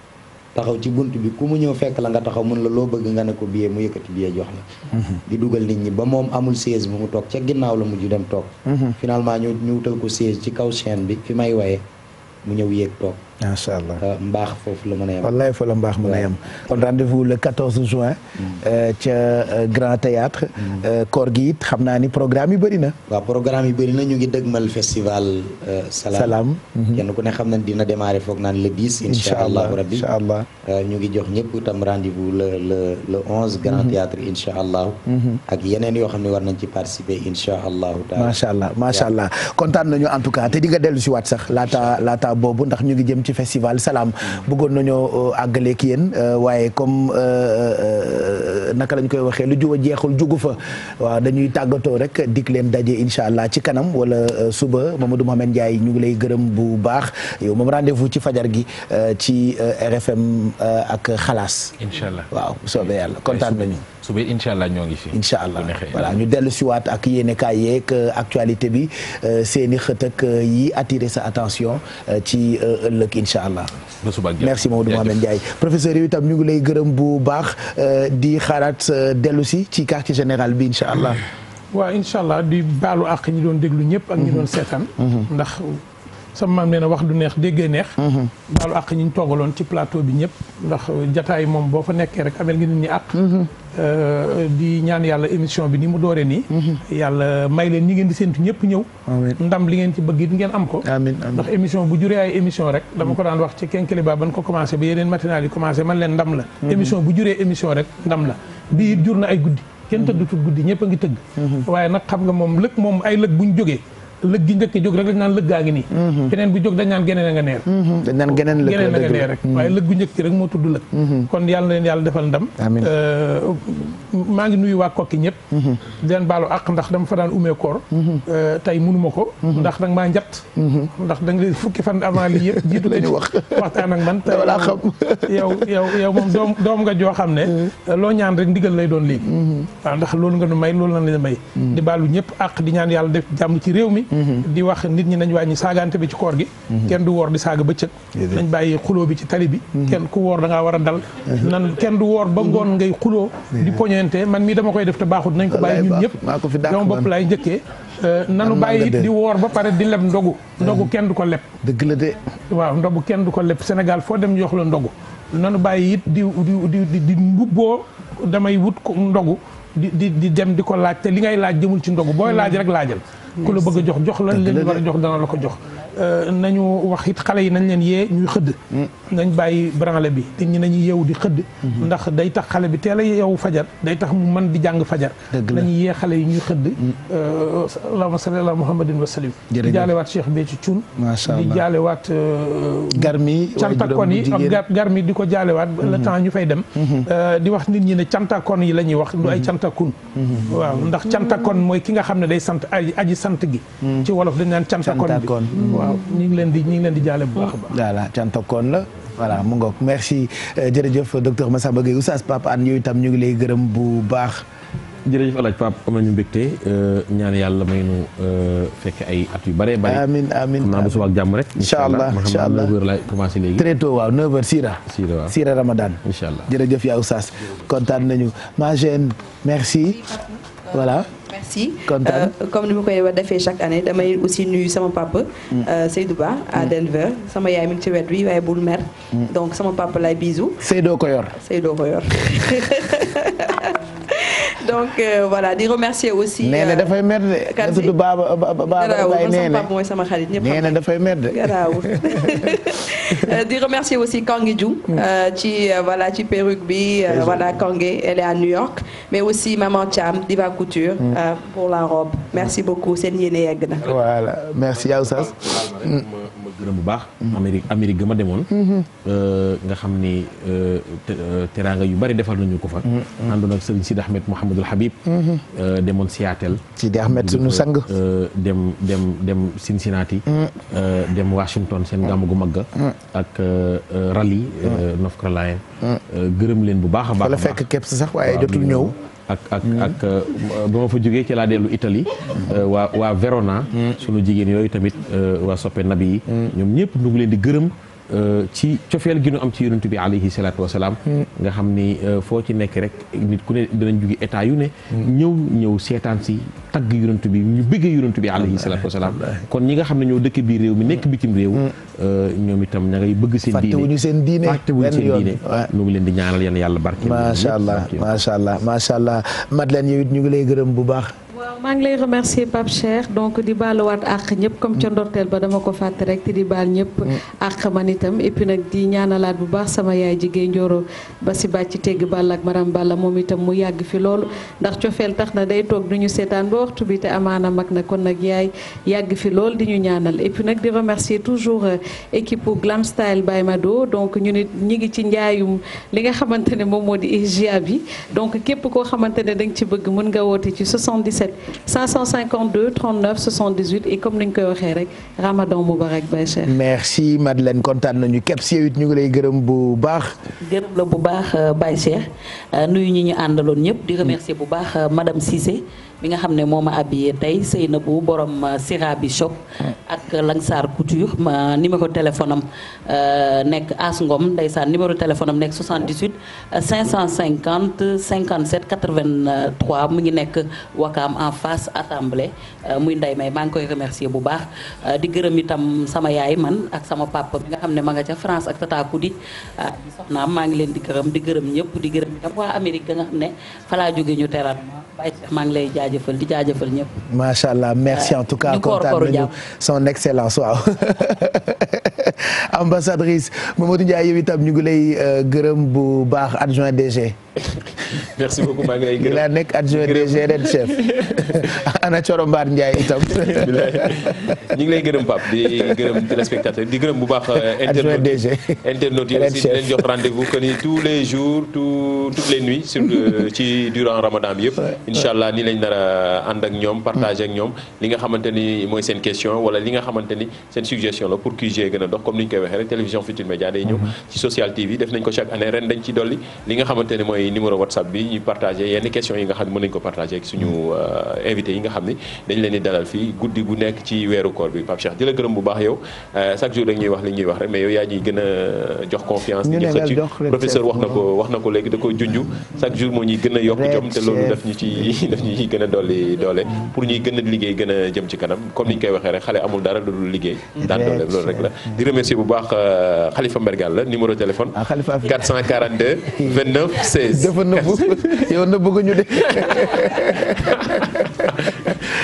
taxaw ci bunt bi ku mu ñëw fekk la nga taxaw mun la loo bëgg nga ne ko billet mu yëkkati billet jox la mhm. di dugal nit ñi ba moom amul siège bu mu toog ca ginnaaw la mujj dem toog mhm. finalement ñu ñu wutal ko siège ci kaw chaîne bi fi may waye mu ñëw yéeg toog macha allah euh, mbaax foofu la mën a yem. rendez-vous le juin. Mm. Euh, ca euh, Grand Théâtre mm. koor gi it xam naa ni programme yi bëri na. waaw programme yi bëri na ñu ngi dëgmal festival. salaam salaam. Mhm. kenn ku ne xam na dina démarrer foog naan le 10. incha allah rabbi ñu ngi jox ñëpp itam rendez-vous le le le Grand mhm. Théâtre incha allah. Mhm. ak yeneen yoo xam ne war nañ ci participer incha allah. macha allah macha allah kontaan nañu en tout cas te di dellu si waat sax laata laata boobu ndax ñu ngi jëm ci ci festival salaam bëggoon nañoo euh, àggaleek yéen euh, waaye comme euh, naka lañ koy waxee lu juba jeexul jugu fa waaw dañuy tàggatoo rek dik leen daje incha allah ci kanam wala suba Mamadou Mohamed Ndiaye ñu ngi lay gërëm bu baax yow moom rendez-vous ci fajar gi ci RFM ak xalaas incha allah waaw soobee yàlla kontaan nañu suba incha allah ñoo ngi fi. incha allah voilà ñu dellu si waat ak yéen kaay yeeg euh, actualité bi euh, seen i xët euh, yi attiré sa attention ci ëllëg incha allah. merci Maodo Mohamed Ndiaye professeur yi itam ñu ngi lay gërëm bu baax di xaaraat dellu si ci quartier général bi incha allah. waaw incha allah di baalu àq ñi doon déglu ñëpp. ak ñi doon seetaan. Mm-hmm. ndax. sama maam nee na wax du neex déggee neex mhm. baalu àq ñi ñu toogaloon ci plateau bi ñëpp ndax jataay moom boo fa nekkee rek amel ngi nit ñi àq mhm. euh, di ñaan yàlla émission bi ni mu dooree nii mhm. yàlla may leen ñi ngeen di séntu ñëpp ñëw ndam li ngeen ci bëgg it ngeen am ko ndax émission bu juree ay émission rek dama ko daan wax ci ba ban ko commencé ba yeneen matinal yi commencé man leen ndam la émission bu juree émission rek ndam la bii jur na ay guddi kenn tëddutul guddi ñëpp ngi tëgg waaye nag xam nga moom lëg moom ay lëg buñ jógee lëg gi njëkk jóg rek dañ naan lëg gaa ngi nii beneen mhm. bu jóg dañ naan geneen a nga neer mhm. dañ naan geneen lëg geneen a nga neer rek waaye mhm. lëg gu njëkk rek moo tudd lëg kon yàlla na yàlla defal ndam amiin maa ngi nuyu waa kokki ñëpp di leen baalu àq ndax dama fa daan umee tey munuma ko ndax danga maa njatt ndax da fukki fan avant lii yëpp jiitu (laughs) la ñu wax waxtaan man te wala (laughs) xam yow yow yow moom doom doom nga joo xam ne loo ñaan rek ndigal lay doon léegi waaw ndax loolu nga nu may loolu la leen may di baalu ñëpp àq di ñaan yàlla def jàmm ci réew mi di wax nit ñi nañ ñi saagante bi ci koor gi kenn du woor di saaga bëccëg nañ bàyyi xuloo bi ci tali bi kenn ku woor da war a dal nan kenn du woor ba ngoon ngay xuloo di poñente man mii dama koy def te baaxut nañ ko bàyyi ñun ñëpp dama bopp laay njëkkee euh, nanu bàyyi it di woor ba pare di leb ndogu ndogu kenn du ko leb dëgg la de waaw ndogu kenn du ko leb Sénégal foo dem jox la ndogu nanu bàyyi it di di di di mbubboo damay wut ko ndogu di di di dem di ko laaj li ngay laaj jëmul ci ndogu booy laaj rek laajal ku la bëgg jox jox la leen war jox dana la ko jox Euh, nañu wax it xale yi nañ leen yee ñuy xëdd mm. nañ bàyyi branle bi te ñi nañu yeewu di xëdd mm-hmm. ndax day tax xale bi teel a yeewu fajar day tax mu man di jàng fajar nañu yee xale yi ñuy xëdd mm. euh, allahumma salli ala muhammadin wa salim di jaalewaat Cheikh Béthio Thioune di jaalewaat euh, garmi cantakon yi ak garmi di ko jaalewaat le mm-hmm. temps ñu fay dem mm-hmm. di wax nit ñi ne cantakon yi la ñuy wax du ay cantakun waaw ndax cantakon mooy ki nga xam ne day sant aji sant gi ci wolof dañ naan cantakon bi waaw ñu ngi leen di ñu ngi leen di jaale bu baax a baax. voilà cantakoon la. voilà mu ngoog merci euh, jërëjëf ma docteur Massamba Gueye oustaz Pape Hann yooyu tam ñu ngi lay gërëm bu baax. jërëjëf alaaj Pape am nañu mbégte euh, ñaan yàlla may nu euh, fekk ay at yu bare bare amiin amiin xam naa jàmm rek. incha allah incha allah commencé léegi. très tôt waaw 9h Sira. Sira waaw Sira Ramadan. incha allah jërëjëf yaa oustaz kontaan nañu. Magène merci voilà. merci kontaan euh, comme ni ma koy defee chaque année damay aussi nuyu sama papa. Mm. Euh, Seydou Ba à mm. Denver sama yaay mi ci wet wi waaye bul mer. Mm. donc sama papa lay bisou. Seydou ko yor Seydou ko yor. (laughs) donc euh, voilà di remercier aussi. nee na euh, dafay mer de. kan si baaba baaba bay nee na mooy sama xarit ñëpp nee dafay mer de. garaawul (laughs) euh, di remercier aussi Kangi Dioum. Mm. ci voilà ci perruque bi. voilà Kangi elle est à New York. mais aussi maman Thiam Diva Couture. Mm. pour la robe merci beaucoup seen yéene yegg na. voilà merci yow Sass. gërëm bu baax. Amérique Amérique ga ma demoon. Euh, nga xam ni euh, euh, teraanga yu bari defal nañu ko fa. Mm-hmm. àndoon ak Serigne Sidi Ahmed Mouhamadul Habib. Mm-hmm. demoon Seattle. Sidi Ahmed sunu sang. dem dem dem Cincinnati. Mm. dem Washington seen mm. gàmm gu mag mm. ak Raleigh. North Carolina. gërëm leen bu baax a baax. fa la fekk képp sax waaye jotul ñëw. ak ak ak euh, ba ma fa jógee ci laa dellu Italie mm. euh, waa waa Verona mm. sunu jigéen yooyu tamit euh, waa soppe nabi yi mm. ñoom ñëpp ñu leen di gërëm ci cofeel gi ñu am ci yonent bi alayhi salaatu wasalaam nga xam ni foo ci nekk rek nit ku ne dinañ jóge état yu ne ñëw ñëw seetaan si tagg yonent bi ñu bëgg yonent bi alayhi salaatu wasalaam kon ñi nga xam ne ñoo dëkk biir réew mi nekk bitim réew Euh, ñoom itam ña ngay bëgg seen diine fàttewuñu seen diine fàttewuñu seen diine ñu ngi leen di ñaanal yan yàlla barke macha allah macha allah macha allah Madeleine yow it ñu ngi lay gërëm bu baax waaw maa ngi lay remercier Pape Cheikh donc di baaluwaat àq ñëpp comme ca mm. ndorteel ba dama ko fàtte rek te di baal ñëpp mm. àq man itam et puis nag di ñaanalaat bu baax sama yaay jigéen njooro ba si bàcc tegg bàll ak maram bàlla moom itam mu yàgg fi loolu ndax cofeel tax na day toog du ñu seetaan ba waxtu bi te amaana mag na kon nag yaay yàgg fi lool di ñu ñaanal et puis nag di remercier toujours euh, équipe Glam Style by donc ñu ni ñi ngi ci njaayum li nga xamante ne moom moo di IGA bi donc képp koo xamante ne da nga ci bëgg mën nga woote ci 77 552 39 comme ni ñu koy waxee rek Ramadan Moubarak Baye Cheikh. merci Madeleine kontaan nañu képp si yow ñu ngi lay gërëm bu baax. gërëm la bu baax Baye euh, nuyu ñu ñu àndaloon ñëpp di remercier bu baax euh, madame Cissé. bi nga xam ne moo ma habillé tey Seynabou borom euh, Sirabi shop ak Langsar couture ma numéro téléphone am euh, nekk As Ngom ndeysaan numéro téléphone am nekk 78 550 57 83 mu ngi nekk Wakaam en face Assemblée Euh, muy ndey may maa ngi koy remercier bu baax euh, di gërëm itam sama yaay man ak sama papa bi nga xam ne ma nga ca France ak tata di euh, soxnaam maa ngi leen di gërëm di gërëm ñëpp di gërëm itam Amérique xam ne falaa jóge ñu teral maa ngi lay jaajëfal di jaajëfal ñëpp. macha allah merci en tout cas kontaan nañu son excellence waaw. (laughs) ambassadrice Mamadou itam ñu ngi lay gërëm bu baax adjoint DG. (laughs) merci beaucoup maa ngi lay gërëm. nekk adjoint DG ren chef (laughs) ana Coro Mbar Ndiaye itam. ñu ngi lay gërëm Pape bi gërëm téléspectateur di gërëm bu baax. Euh, adjoint DG internautes yi aussi di leen jox rendez-vous que tous les jours tout toutes les nuits surtout euh, ci durant Ramadan bi yëpp. incha allah nii lañ nar a ànd ak ñoom. partager ak ñoom li nga xamante ni mooy seen question wala li nga xamante seen suggestion la pour QG gën a dox comme ni ñu koy waxee rek télévision Futurs Médias day ñëw mm-hmm. ren dañ ci dolli li mooy numéro WhatsApp bi ñu partagé yenn questions yi nga xam ne mën nañu ko partagé ak suñu euh, invité yi nga xam ne dañ leen di dalal fii guddi gu nekk ci weeru koor bi Pape Cheikh di la gërëm bu baax yow euh, chaque jour rek wax li wax rek mais yaa ñuy gën a euh, jox confiance professeur wax na ko wax na ko léegi da ko junj chaque jour moo ñuy gën a yokk jom te loolu daf ñu ci (laughs) daf dolli doole pour ñuy gën liggéey gën jëm ci kanam comme ni ñu koy waxee dafa nëbbu yow nëbbu ñu de. (laughs)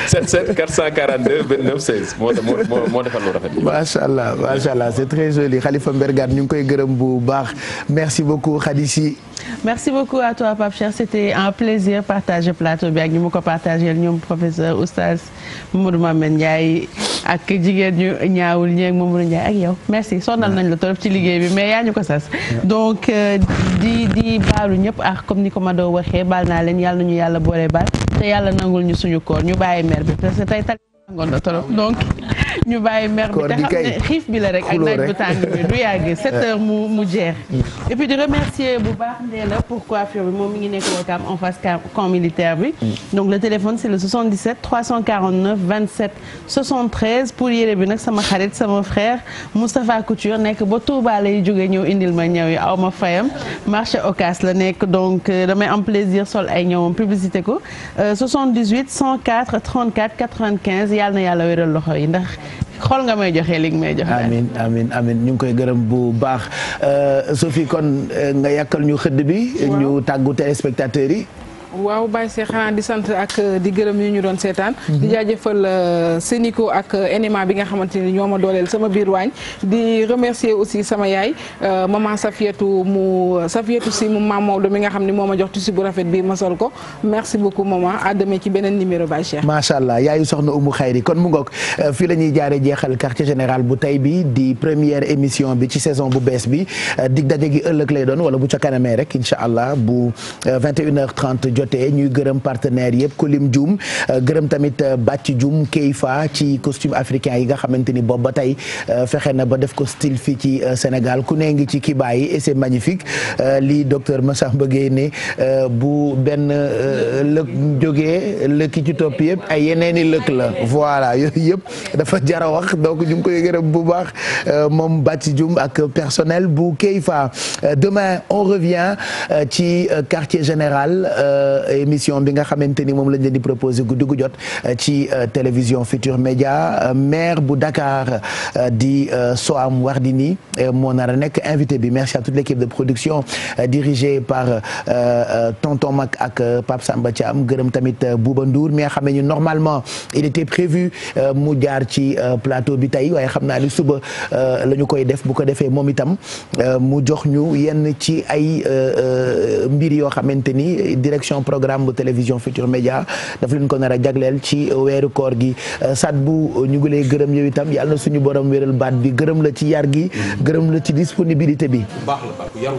77 442 29 16 moo moo moo defal lu rafet. macha allah macha allah c'est très joli Khalifa Mbergane ñu ngi koy gërëm bu baax merci beaucoup Khady Sy. merci beaucoup à toi Pape Cheikh c'était un plaisir partager plateau bi ak ñu ma ko partagé ñoom professeur oustaz Mamadou Mamed Ndiaye ak jigéen ñu ñaawul ñeeg Mamadou Ndiaye ak yow merci sonal nañ la torop ci liggéey bi mais yaa ñu ko sas donc euh, di di baalu ñëpp ak comme ni ko ma doo waxee baal naa leen yàlla nañu yàlla yàlla nangul ñu suñu koor bàyyi mer bi parce que tey tali tàngoon na trop donc (laughs) ñu bàyyi mer bi te xam ne xiif bi la rek ak naaj bu tàng yàgg 7 (laughs) heures mu mu jeex. Mm. et puis bu baax Ndéla pour coiffure bi moom mi ngi nekk Wakaam en face camp militaire bi. Mm. donc le téléphone c' est le 77 349 27 73 pour yére bi nag sama xarit sama frère Moustapha Couture nekk ba Touba lay jógee ñëw indil ma ñëw yi aw ma fayam marché Ocass la nekk donc euh, damay am plaisir sol ay ñëw ñëwam publicité ko 78 104 34 95 yàlla na yàlla wéral loxo yi ndax. xool nga may joxe li may joxe. amiin amiin amiin ñu ngi koy gërëm bu baax euh, Sophie kon euh, nga yàkkal ñu xëdd bi. ñu tàggu téléspectateurs yi. waaw Baye Cheikh xanaa di sant ak euh, di gërëm ñu ñu doon seetaan. Mhm. di jaajëfal euh, Sénico ak euh, NMA bi nga xamante ni ñoo ma dooleel sama biir waañ. di remercier aussi sama yaay maman Safiatou mu Safiatou si mu maam Maodo mi nga xam ne moom ma jox tissu bu rafet bi ma sol ko merci beaucoup maman à demain ci beneen numéro Baye Cheikh. macha allah yaayu soxna Oumou Khayri kon mu ngoog fii la ñuy jaaree jeexal quartier général bu tey bi di première émission bi ci saison bu bees bi dig daje gi ëllëg lay doon wala bu ca kanamee rek incha allah bu 21 jotee ñuy gërëm partenaire yëpp Kolim Dioum euh, gërëm tamit euh, Bàcc Dioum Keifa ci costume africain yi nga xamante ni boobu ba tey euh, fexe na ba def ko style fii ci Sénégal ku ne ngi ci kibaa yi et c'est magnifique lii docteur Massamba Gueye ne bu benn lëkk jógee lëkki ci topp yëpp ay yeneeni lëkk la voilà yooyu yëpp dafa jar a wax donc ñu ngi koy gërëm bu baax moom Bàcc Dioum ak personnel bu Keifa demain on revient ci quartier général Euh, émission bi nga xamante ni moom lañ leen di proposé guddi gu jot euh, ci euh, télévision Futur Média maire bu Dakar di Soham Wardini moo nar nekk invité bi merci à toute l'équipe de production dirigée par tonton Mac ak Pape Samba Thiam gërëm tamit Bouba Ndour mi nga xam ne normalement il était prévu mu jaar ci plateau bi tey waaye xam naa ni suba la ñu koy def bu ko defee moom itam mu jox ñu yenn ci ay mbir yoo xamante ni direction émission programme bu télévision Futur Média daf leen ko nar a jagleel ci weeru koor gi euh, bu euh, ñu ngi lay gërëm yow itam yàlla na suñu borom wéral baat bi gërëm la ci yar gi gërëm la ci disponibilité bi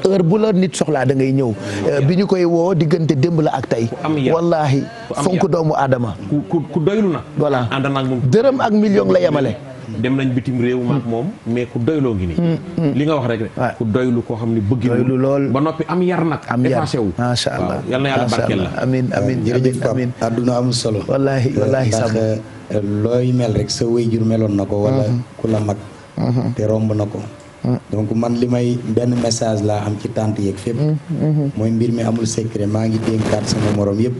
heure bu la nit soxlaa da ngay ñëw euh, bi ñu koy woo diggante démb la ak tey wallaahi fonk doomu aadama ku doylu na voilà dërëm ak million la yemale dem nañ bitim réew maak moom mais ku doyloo ngi nii li nga wax rek ku doylu koo xam ne bëgg doylu lool ba noppi am yar nag am yar wu macha allah yal na yàlla barkeel la amin amin jërëjëf amin am solo wallaahi wallaahi sax looy mel rek sa wéyjur meloon na ko wala mm-hmm. ku la mag mm-hmm. te romb na ko mm-hmm. donc man li may benn message laa am ci tànt yeeg fépp mooy mbir mi amul secret maa ngi dénkaat sama moroom yëpp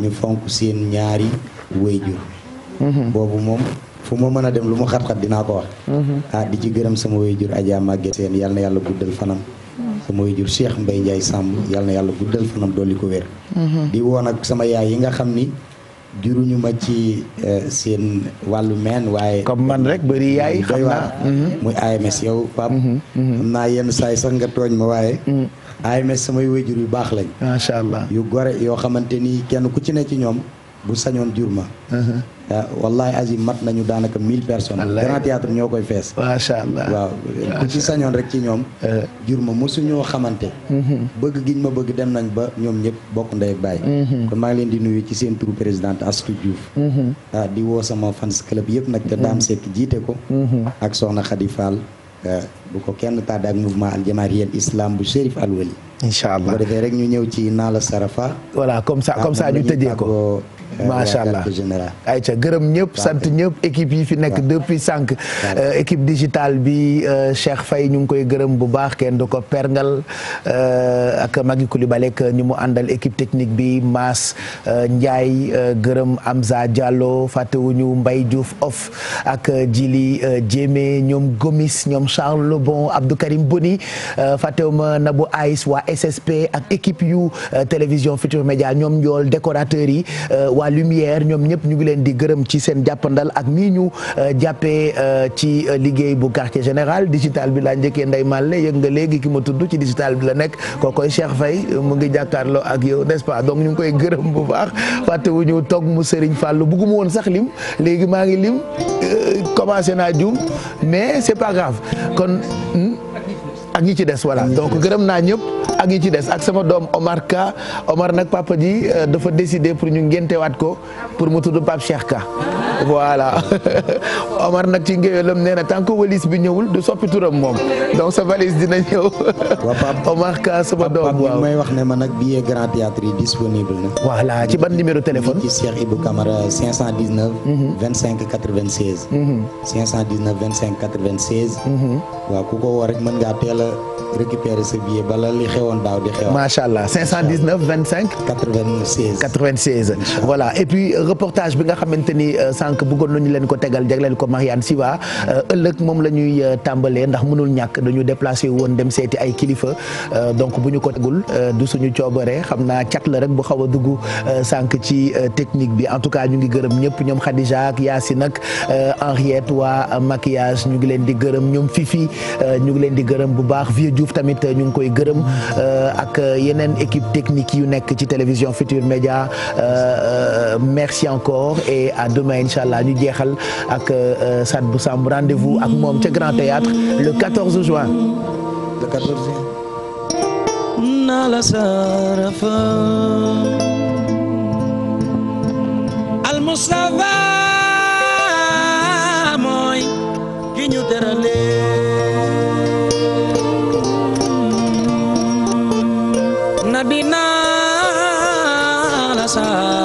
ñu fonk seen ñaari wéyjur boobu moom fu ma mën a dem lu mu xat-xat dinaa ko wax mhm. ah di ci gërëm sama wayjur Adja Maguette Sène yal na yàlla guddal fanam mhm. sama wayjur Cheikh Mbaye Ndiaye Samb yal na yàlla guddal fanam dolli ko wér mhm. di woon ak sama yaay yi nga xam ni juruñu ma ci eh, seen wàllu meen waaye comme man rek bëri yaay xam naa muy AMS yenn saay sax nga tooñ ma waaye AMS samay wayjur yu baax lañ macha allah yu gore yoo xamante ni kenn ku ci ne ci ñoom bu sañoon jur ma Eh, wallahi azim mat nañu daanaka mille personnes. grand théâtre ñoo koy fees. macha allah waaw ku ci sañoon rek ci ñoom. Eh. jur ma mu mosuñoo xamante. Mhm. bëgg giñ ma bëgg dem nañ ba ñoom ñëpp bokk ndey ak baay. Mhm. kon maa leen di nuyu ci seen turu présidente mhm. ah, di woo sama fans club yëpp nag te Dame Seck jiite ko. ak Soxna Khady Fall. Eh, bu ko kenn tàdd ak mouvement aljamaariyel islam bu Chérif bu ko defee rek ñu ñëw ci Nala Sarafa. voilà comme ça ah, ñu tëjee ko Euh, macha allah ay gërëm ñëpp sant ñëpp équipe yi fi nekk depuis sànq euh, équipe digitale bi euh, Cheikh fay ñu ngi koy gërëm bu baax kenn du ko perngal ak Magui Coulibaly ak ñi mu àndal équipe technique bi Mass Ndiaye gërëm Amza Diallo fàttewuñu mbay Diouf of ak Djili Diémé ñoom Gomis ñoom Charles Lebon Abdou Karim Boni fàttewuma Nabou Aïs waa SSP ak équipe yu télévision Futur Média ñoom njool décorateur yi waa Lumière ñoom ñëpp ñu ngi leen di gërëm ci seen jàppandal ak nii ñu euh, jàppee euh, ci euh, liggéey bu quartier général digital bi laa njëkkee Ndeye Malle yëg nga léegi ki ma tudd ci digital bi la nekk kookoy Cheikh Faye mu ngi jàkkaarloo ak yow n'est-ce pas donc ñu ngi koy gërëm bu baax fàttewuñu toog mu Serigne Fallou bugguma woon sax lim léegi maa ngi lim commencé naa juum mais c'est pas grave kon. Hmm? ak ñi ci des voilà donc gërëm naa ñëpp ak ñi ci des ak sama doom Omar Ka Omar nag papa ji euh, dafa décidé pour ñu ngéntewaat ko pour mu tudd Pape Cheikh Ka voilà (laughs) Omar nag ci ngéwelam nee na tant que valise bi ñëwul du soppi turam moom donc sa valise dina ñëw (laughs) Omar Ka sama doom waaw may wax ne ma nag billet grand théâtre yi disponible na voilà ci ban numéro téléphone ci Cheikh Ibou Camara 519 25 96 519 25 96 waaw ku ko woo rek mën ngaa teel nga récupérer sa billet bala li xewoon daaw di xew. macha allah 519 25. 96 96. et puis euh, reportage bi nga xamante ni euh, sànq bëggoon nañu leen ko tegal jagleel ko Marianne Siva euh, ëllëg moom la ñuy tàmbalee ndax mënul ñàkk dañu déplacé woon dem seeti ay kilifa donc bu ñu ko tegul du suñu coobare xam naa cat la rek bu xaw a dugg sànq ci technique bi en tout cas ñu ngi gërëm ñëpp ñoom Khadija ak Yacine ak Henriette waa maquillage ñu ngi leen di gërëm ñoom Fifi ñu ngi leen di gërëm bu baax baax Vieux Diouf tamit ñu ngi koy gërëm euh, ak yeneen équipe technique yu nekk ci télévision Futur Média euh, euh, merci encore et à demain incha allah ñu jeexal ak Sadibou Samb rendez-vous ak moom ca Grand Théâtre le juin sa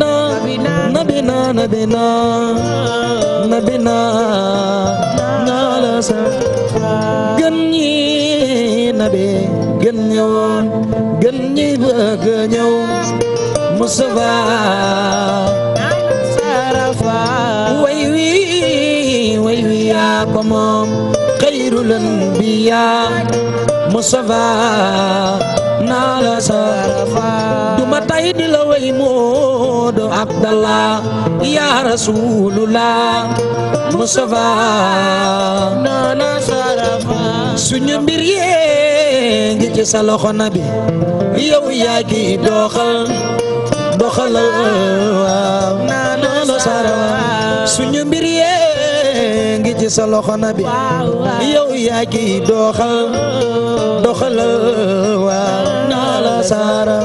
nabina nabina nabina nabina naa la sax gën ñi nabi gën ñëwoon gën ñi bëgg ñëw Mustafa sarafa way wi way wi yaa ko moom xayrul anbiyaa Mustafa naa la sarafa du ma tay di la way Moodu Abdallah yaa Rasulullah Mustafa naa la sarafa suñu mbir yee ngi mbir yee ngi ci na bi yow yaa ngi doxal doxalal la saara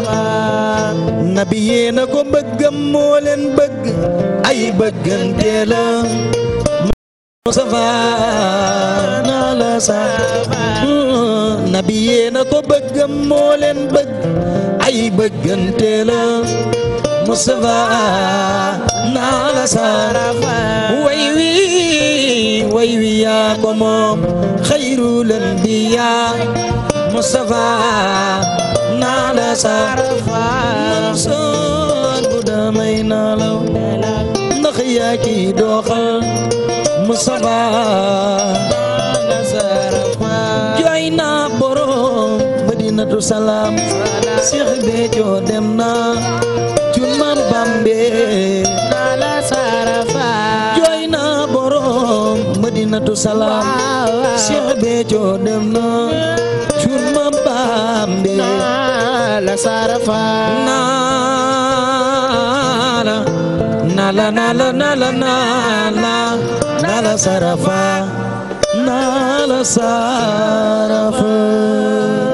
nabi yéena ko bëggam moo leen bëgg ay bëggante la Mustafa na la saara nabi yéena ko bëggam moo leen bëgg ay bëggante la Mustafa na la saara way wi way wi yaa ko moom xayrul anbiyaa Mustafa naa la sarfa Mansour bu damay nalaw ndax yaa ci doxal Mustafa naa la sarfa jooy naa borom Madinatu Salaam Seex Béthio dem naa cun man Bàmbe madinatu salaam Cheikh Béthio dem na cuun ma baambe la sarafa naala naala naala naala naala